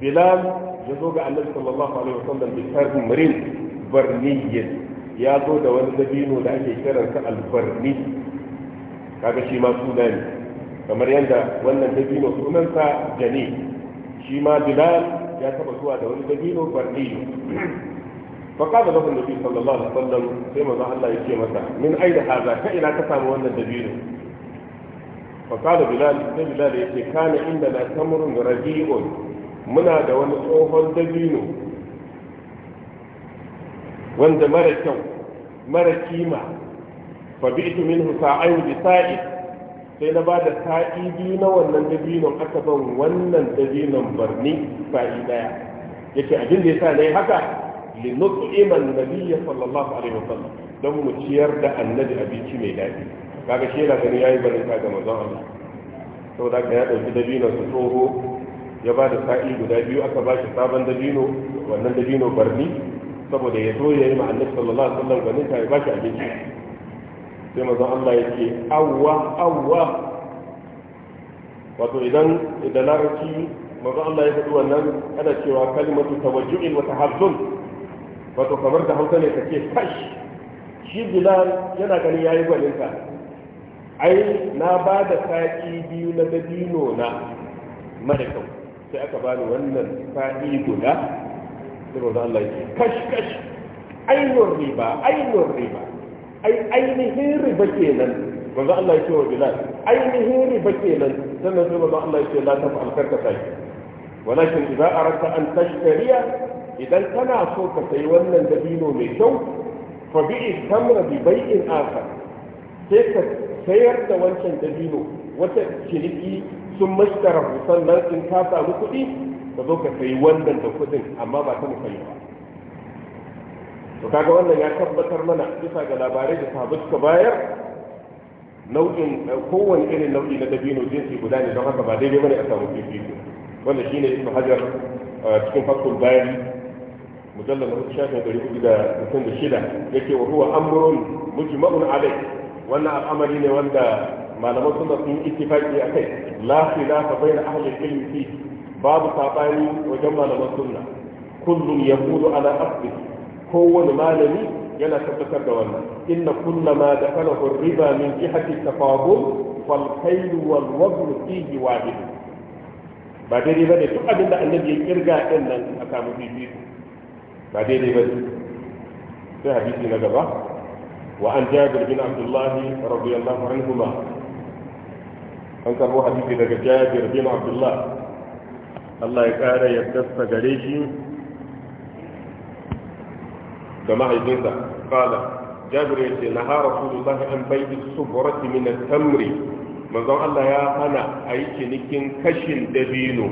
bilal ya zo ga annabi sallallahu alaihi wa sallam bi tarmarin barniyyin ya zo da wani dabino da ake kiransa albarni kaga shi ma suna kamar yadda wannan dabino sunansa jani shi ma bilal ya taba zuwa da wani dabino barniyo فقال له النبي صلى الله عليه وسلم كما ذا الله يكي متى من أين هذا كإلى كسام وانا دبينه فقال بلال بلال يكي كان عندنا تمر رجيء منا دا وانا tsohon dabino wanda mara kyau mara kima fa bi'tu sa'i na bada sa'i biyu na wannan dabinon aka ban wannan dabinon barni sa'i daya yake abin da yasa nayi haka لنطعم النبي صلى الله عليه وسلم don mu da annabi abinci mai daɗi kaga shi yana gani yayi barinka ga manzon Allah saboda ya dauki dabino su tsoho ya ba da sa'i guda biyu aka ba sabon dabino wannan dabino barni saboda ya zo ya yi ma'annabi sallallahu alaihi wasallam ganin ta ya ba shi abinci sai manzon Allah wato idan da larabci manzon Allah ya faɗi wannan ana cewa kalimatu tawajju'in wa tahazzun wato kamar da hausa ne ta kake fash shi bilal yana ganin yi gwaninka ai na ba da sa'i biyu na dabino na mara kyau sai aka bani wannan sa'i guda sai manzo Allah ya ce kash kash ainur riba ainur riba ai ainihin riba kenan manzo Allah ya ce wa bilal ainihin riba kenan sannan sai manzo Allah ya ce la taf'al karka sai walakin idza aradta an tashtariya idan kana so ka sayi wannan dabino mai kyau fa bi'i tamra bi bai'in akhar sai ka sayar da wancan dabino wata ciniki sun mashtara sannan in ka samu kuɗi ka zo ka sayi wannan da kuɗin amma ba ta musayi ba to kaga wannan ya tabbatar mana bisa ga labarai da sahabbai suka bayar nau'in kowane irin nau'i na dabino jinsi guda ne don haka ba daidai bane a samu fifiko wanda shine ibnu hajar eh, cikin fatul bayani mujallar na shafin ɗari uku da mutum da shida yake wa huwa amrun mujma'un alai wannan al'amari ne wanda malaman suna sun ittifaqi akai la bai na ahalin ilmi fi babu sabani wajen malaman sunna kullum hudu ala asli kowane malami yana tabbatar da wannan inna kulla ma dakalahu riba min jihati tafadul fal kayl wal wazn fihi wahid ba dai ba da duk abin da annabi ya kirga din nan a samu fifiko بعدين يبدا في حديث من وعن جابر بن عبد الله رضي الله عنهما انكر حديث لك جابر بن عبد الله الله يقال يكتب قريشي كما عزيزا قال جابر نهى رسول الله عن بيت الصبرة من التمر مزون الله يا أنا أيش نكين كشن دبينو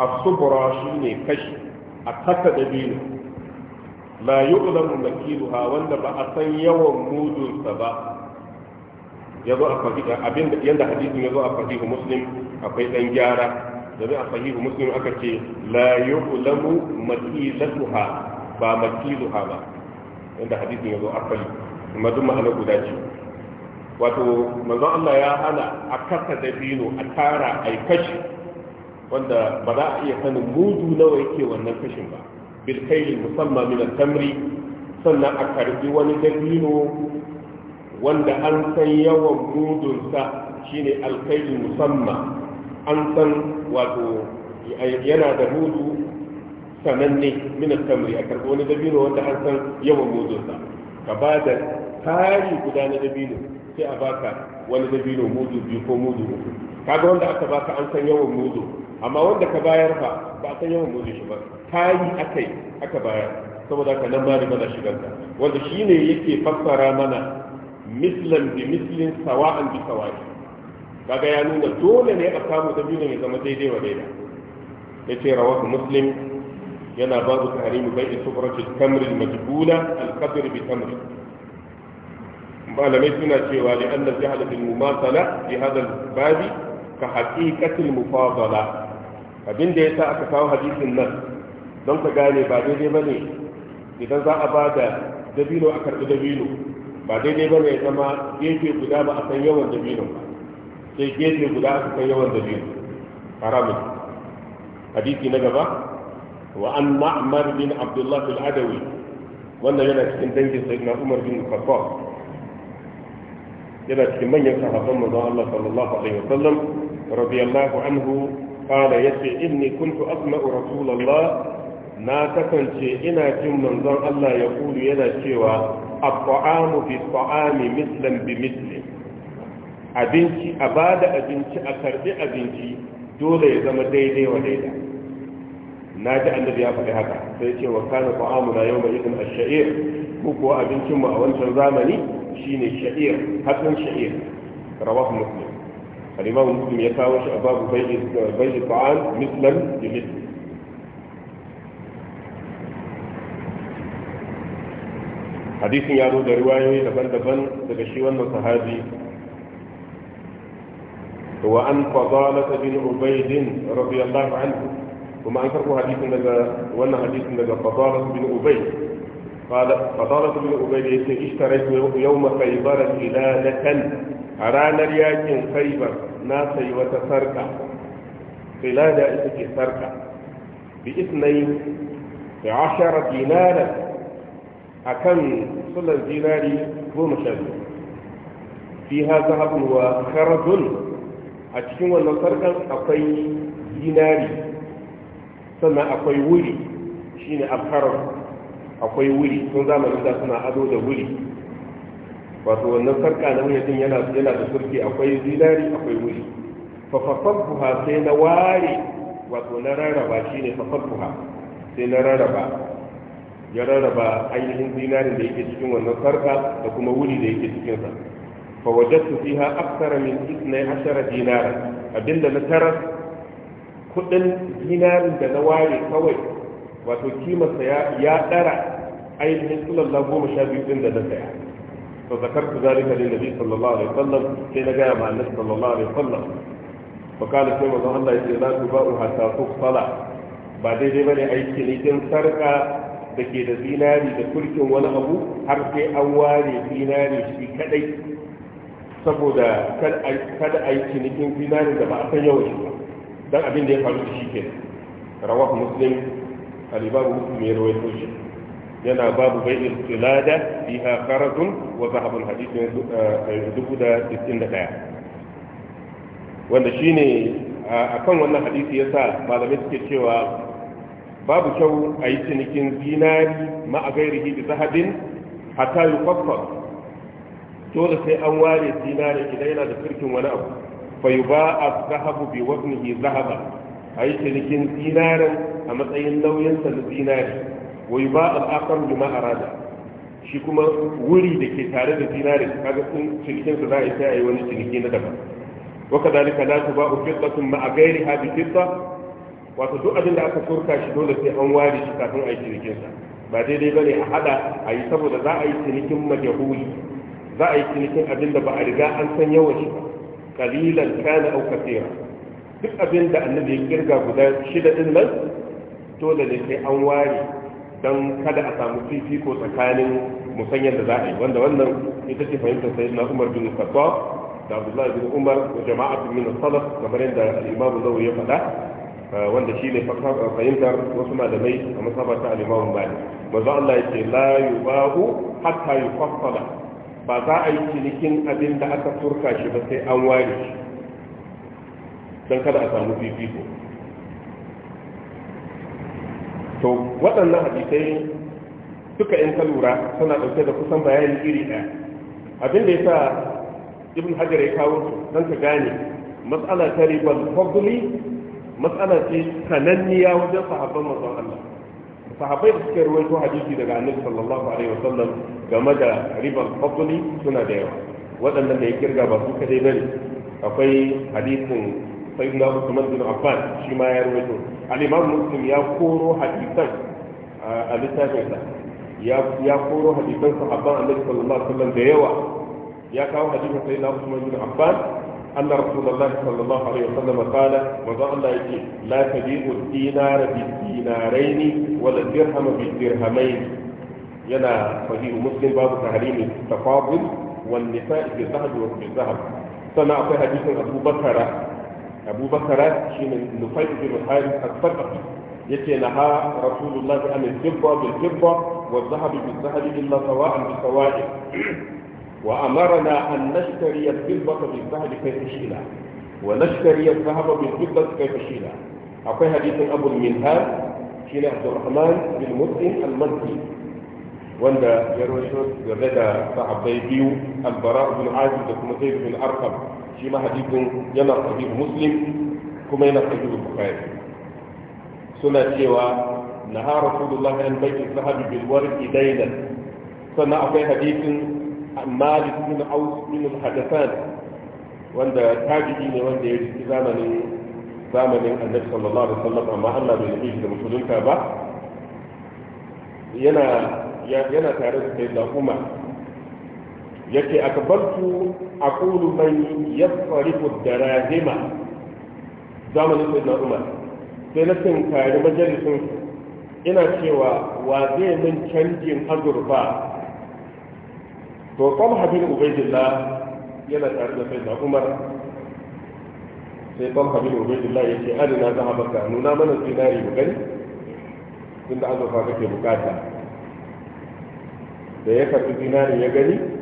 الصبرة شيني كشن a kasa da dabino la yu'lamu makiluha wanda ba a san yawan mudunsa ba yazo a fahimta abinda yanda hadisin yazo a fahimu muslim akwai dan gyara da a fahimu muslim aka ce la yu'lamu makilatuha ba makiluha ba yanda hadisin zo a fali kuma duk ma'ana guda ce wato manzon Allah ya hana a kasa dabino a tara a yi kashi wanda ba za a iya sanin mudu nawa yake wannan fashin ba bil kaili musamman minan tamri sannan a karbi wani dabino wanda an san yawan mudunsa shine alkaili musamman an san wato yana da mudu sananne minan tamri a karbi wani dabino wanda an san yawan mudunsa ka ba da tari guda na dabino sai a baka wani dabino mudu biyu ko mudu uku kaga wanda aka baka an san yawan mudu amma wanda ka bayar fa ba a yawan gode shi ba kayi akai aka bayar saboda ka nan bari mana shiganta. wanda ne yake fassara mana mislan bi mislin sawa'an bi sawa'i kaga ya nuna dole ne a samu da biyu ya zama daidai wa daida yace rawahu muslim yana babu tahrimu bai'i bai kamri al-majbula al-qadr bi kamri malamai suna cewa li anna jahala bil mumasala bi hadha babi ka haqiqatil mufadala abin da ya sa aka kawo hadisin nan don ka gane ba daidai ba ne idan za a ba da dabino a karɓi dabino ba daidai ba ne ya zama gefe guda ba a san yawan dabino sai gefe guda aka san yawan dabino haramun hadisi na gaba wa an ma'mar bin abdullah al-adawi wannan yana cikin dangin sayyidina umar bin khattab yana cikin manyan sahabban manzon Allah sallallahu alaihi wasallam radiyallahu anhu kala ya ce inni kuntu asma'u rasulallah na kasance ina jin manzon Allah ya kulu yana cewa abba'amu bi ta'ami mislan bi misli abinci a bada abinci a karbi abinci dole ya zama daidai wa daida na ji annabi ya faɗi haka sai ce wa kana ta'amuna yawma idin ash-sha'ir ko kuwa abincin a wancan zamani shine sha'ir hatsin sha'ir rawahu muslim الإمام المسلم يتاوش أباب بيع الطعام مثلا بمثل حديث يارو ده رواية لبن لبن تكشيوان وصحابي هو أن فضالة بن عبيد رضي الله عنه وما أنكره حديث لذا وانا حديث لذا فضالة بن عبيد قال فضالة بن عبيد اشتريت يوم خيبر إلالة a ranar yakin khaibar na sayi wata sarka da ita ke sarka bi isnai bi ashara dinaran akan sulan dinari goma sha biyu fiha zahabun wa kharajun a cikin wannan sarkan akwai dinari sannan akwai wuri shine alkarar akwai wuri tun zamanin da suna ado da wuri wato wannan sarka na wuya din yana yana da surki akwai zinari akwai wuri fa fasabbuha sai na ware wato na rarraba shine fasabbuha sai na rarraba ya raraba ainihin zinari da yake cikin wannan sarka da kuma wuri da yake cikin sa fa wajadtu fiha akthara min 12 dinara abinda na tara kudin dinarin da na ware kawai wato kimarsa ya dara ainihin sulallah goma sha biyu din da na saya fa zakartu zalika lin nabi sallallahu alaihi wasallam sai na gaya ma annabi sallallahu alaihi wasallam fa kana sai manzo Allah yace la tuba'u hatta tuqsala ba daidai bane aiki ne din sarka da ke da zinari da kurkin wani abu har sai an ware zinari shi kadai saboda kada a yi cinikin zinari da ba a san yawan ba don abin da ya faru da shi ke rawa muslim al-imamu ya yana babu bai'il sulada fiha kharajun wa zahabun hadisi eh, eh, dubu da sittin da ɗaya wanda shine akan wannan hadisi yasa malamai suke cewa babu kyau a yi cinikin zinari ma a gairihi da zahabin hatta yi dole sai an ware zinari idan yana da firkin wani abu fa yi ba a zahabu bi waznihi zahaba a yi cinikin zinarin a matsayin nauyinsa na zinari wa a ba al'akar lima arada shi kuma wuri da ke tare da zinari kaga sun cinikin su za a yi sai a yi wani ciniki na daban wa kadalika la tuba'u qittatun ma'a ghayriha bi qitta wato duk abin da aka kurka shi dole sai an ware shi kafin a yi cinikin sa ba daidai bane a hada a yi saboda za a yi cinikin majahuli za a yi cinikin abin da ba a riga an san yawan shi ba kalilan kana au kathira duk abin da annabi ya kirga guda shida din nan dole ne sai an ware don kada a samu fifiko tsakanin musanyar da za a yi wanda wannan ita ce fahimtar sayyidina umar bin khattab da abdullahi bin umar wa jama'atu min salaf kamar yadda al-imam zawi ya faɗa eh, wanda shi ne fahimtar wasu malamai a masabata ta al-imam bani manzo Allah yake la yubahu hatta yufassala ba za a yi cinikin abin da aka turka shi ba sai an ware shi don kada a samu fifiko to waɗannan hadisai duka in kalura lura suna ɗauke da kusan bayani iri ɗaya abin da ya sa ibn hajar ya kawo su don ka gane matsala ta ribar fadli matsala ce sananniya wajen sahabban mazan Allah sahabbai da ruwan ruwaito hadisi daga annabi sallallahu alaihi wasallam game da ribar fadli suna da yawa waɗannan da ya kirga ba su kadai bane akwai hadisin sayyidina Usman bin Affan shi ma ya rawaito al Muslim ya koro hadisan a littafinsa ya koro hadisan abban Annabi sallallahu alaihi wasallam da yawa ya kawo hadisin sayyidina Usman bin Affan أن رسول الله صلى الله عليه وسلم قال وضع الله يجي لا تبيع الدينار بالدينارين ولا الدرهم بالدرهمين ينا صحيح مسلم باب تحريم التفاضل والنساء بالذهب وبالذهب سنة في حديث أبو بكر abu bakara shi ne nufai ibn al-harith al-faqih yake na ha rasulullahi an al-jibba bil jibba wa dhahabi bil dhahabi illa sawa'an bi sawa'in wa amarna an nashtari al-jibba bil dhahabi kayfa shi'na wa nashtari al-dhahaba bil jibba kayfa shi'na akwai hadisin abu minhal shi ne abdurrahman bin muslim al-mazdi wanda ya rawaito game da sahabbai biyu al-bara ibn azib da kuma zaid bin arqam shi ma hadisin yana sahih muslim kuma yana sahih bukhari suna cewa na naha rasulullahi an bai'i sahabi bil warqi dailan sannan akwai hadisin malik bin aus bin hadathan wanda tabi'i ne wanda ya ci zamanin zamanin annabi sallallahu alaihi wasallam amma Allah bai nufi da musulunta ba yana yana tare da sayyidina Umar yake akbaltu aqulu man yasrifu darahima zamanin na umar sai na tinkari majalisin ina cewa wa zai min canjin azurfa to talha bin ubaidillah yana tare da sayyidina umar sai talha bin ubaidillah yake adana zahabaka nuna mana zinari mu gani azurfa kake bukata da ya karbi zinari ya gani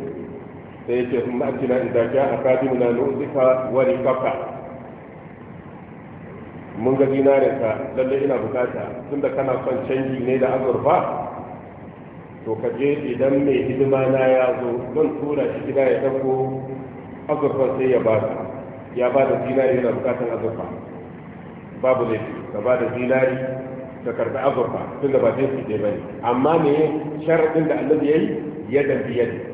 sai yake sun ma'ajina inda ja a kadimu na nu'uzika wani kafa mun ga zinarinka lallai ina bukata da kana son canji ne da azurfa to ka je idan mai hidima na ya zo zan tura shi gida ya ɗauko azurfa sai ya ba ya ba da zinari yana bukatan azurfa babu laifi ka ba da zinari ka karɓi azurfa tunda ba zai fi ba ne amma ne sharaɗin da annabi ya yi ya dambi yadda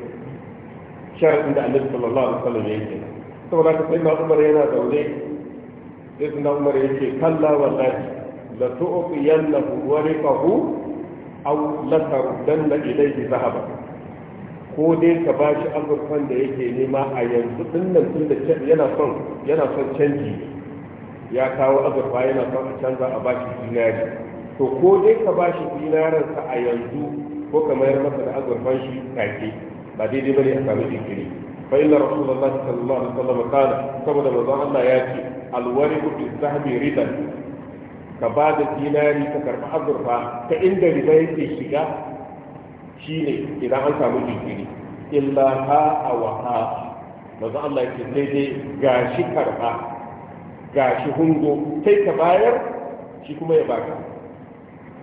sharadin da annabi sallallahu alaihi wasallam ya yi saboda ka sai na umar yana daure sai na umar ya ce kalla wallahi la tu'tiyannahu wa riqahu aw la tardanna ilayhi zahaba ko dai ka ba shi azurfan da yake nema a yanzu nan tun da yana son yana son canji ya kawo azurfa yana son a canza a ba shi dinari to ko dai ka ba shi dinaransa a yanzu ko ka mayar masa da azurfan shi take ba daidai bane a samu jinkiri fa inna rasulullahi sallallahu alaihi wasallam kana saboda manzon Allah ya ce alwariku bi sahbi ridan ka ba da dinari ka karba azurfa ta inda riba yake shiga shine idan an samu jinkiri illa ha wa ha manzon Allah ya ce sai dai gashi karba gashi hungo kai ka bayar shi kuma ya baka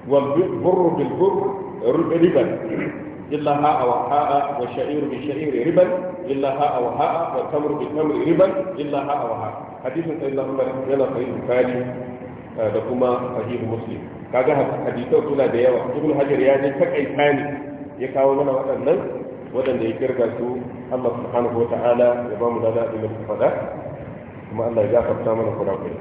wal burru bil burr riban إلا هاء وهاء والشعير بالشعير ربا إلا هاء وهاء والتمر بالتمر ربا إلا هاء وهاء حديث سيدنا عمر يلا صحيح البخاري da kuma sahihu muslim ga hadisau suna da yawa ibn hajar ya je takaita ne ya kawo mana waɗannan waɗanda ya kirga su Allah subhanahu ta'ala ya bamu mu da da faɗa kuma Allah ya gafarta mana kurakuri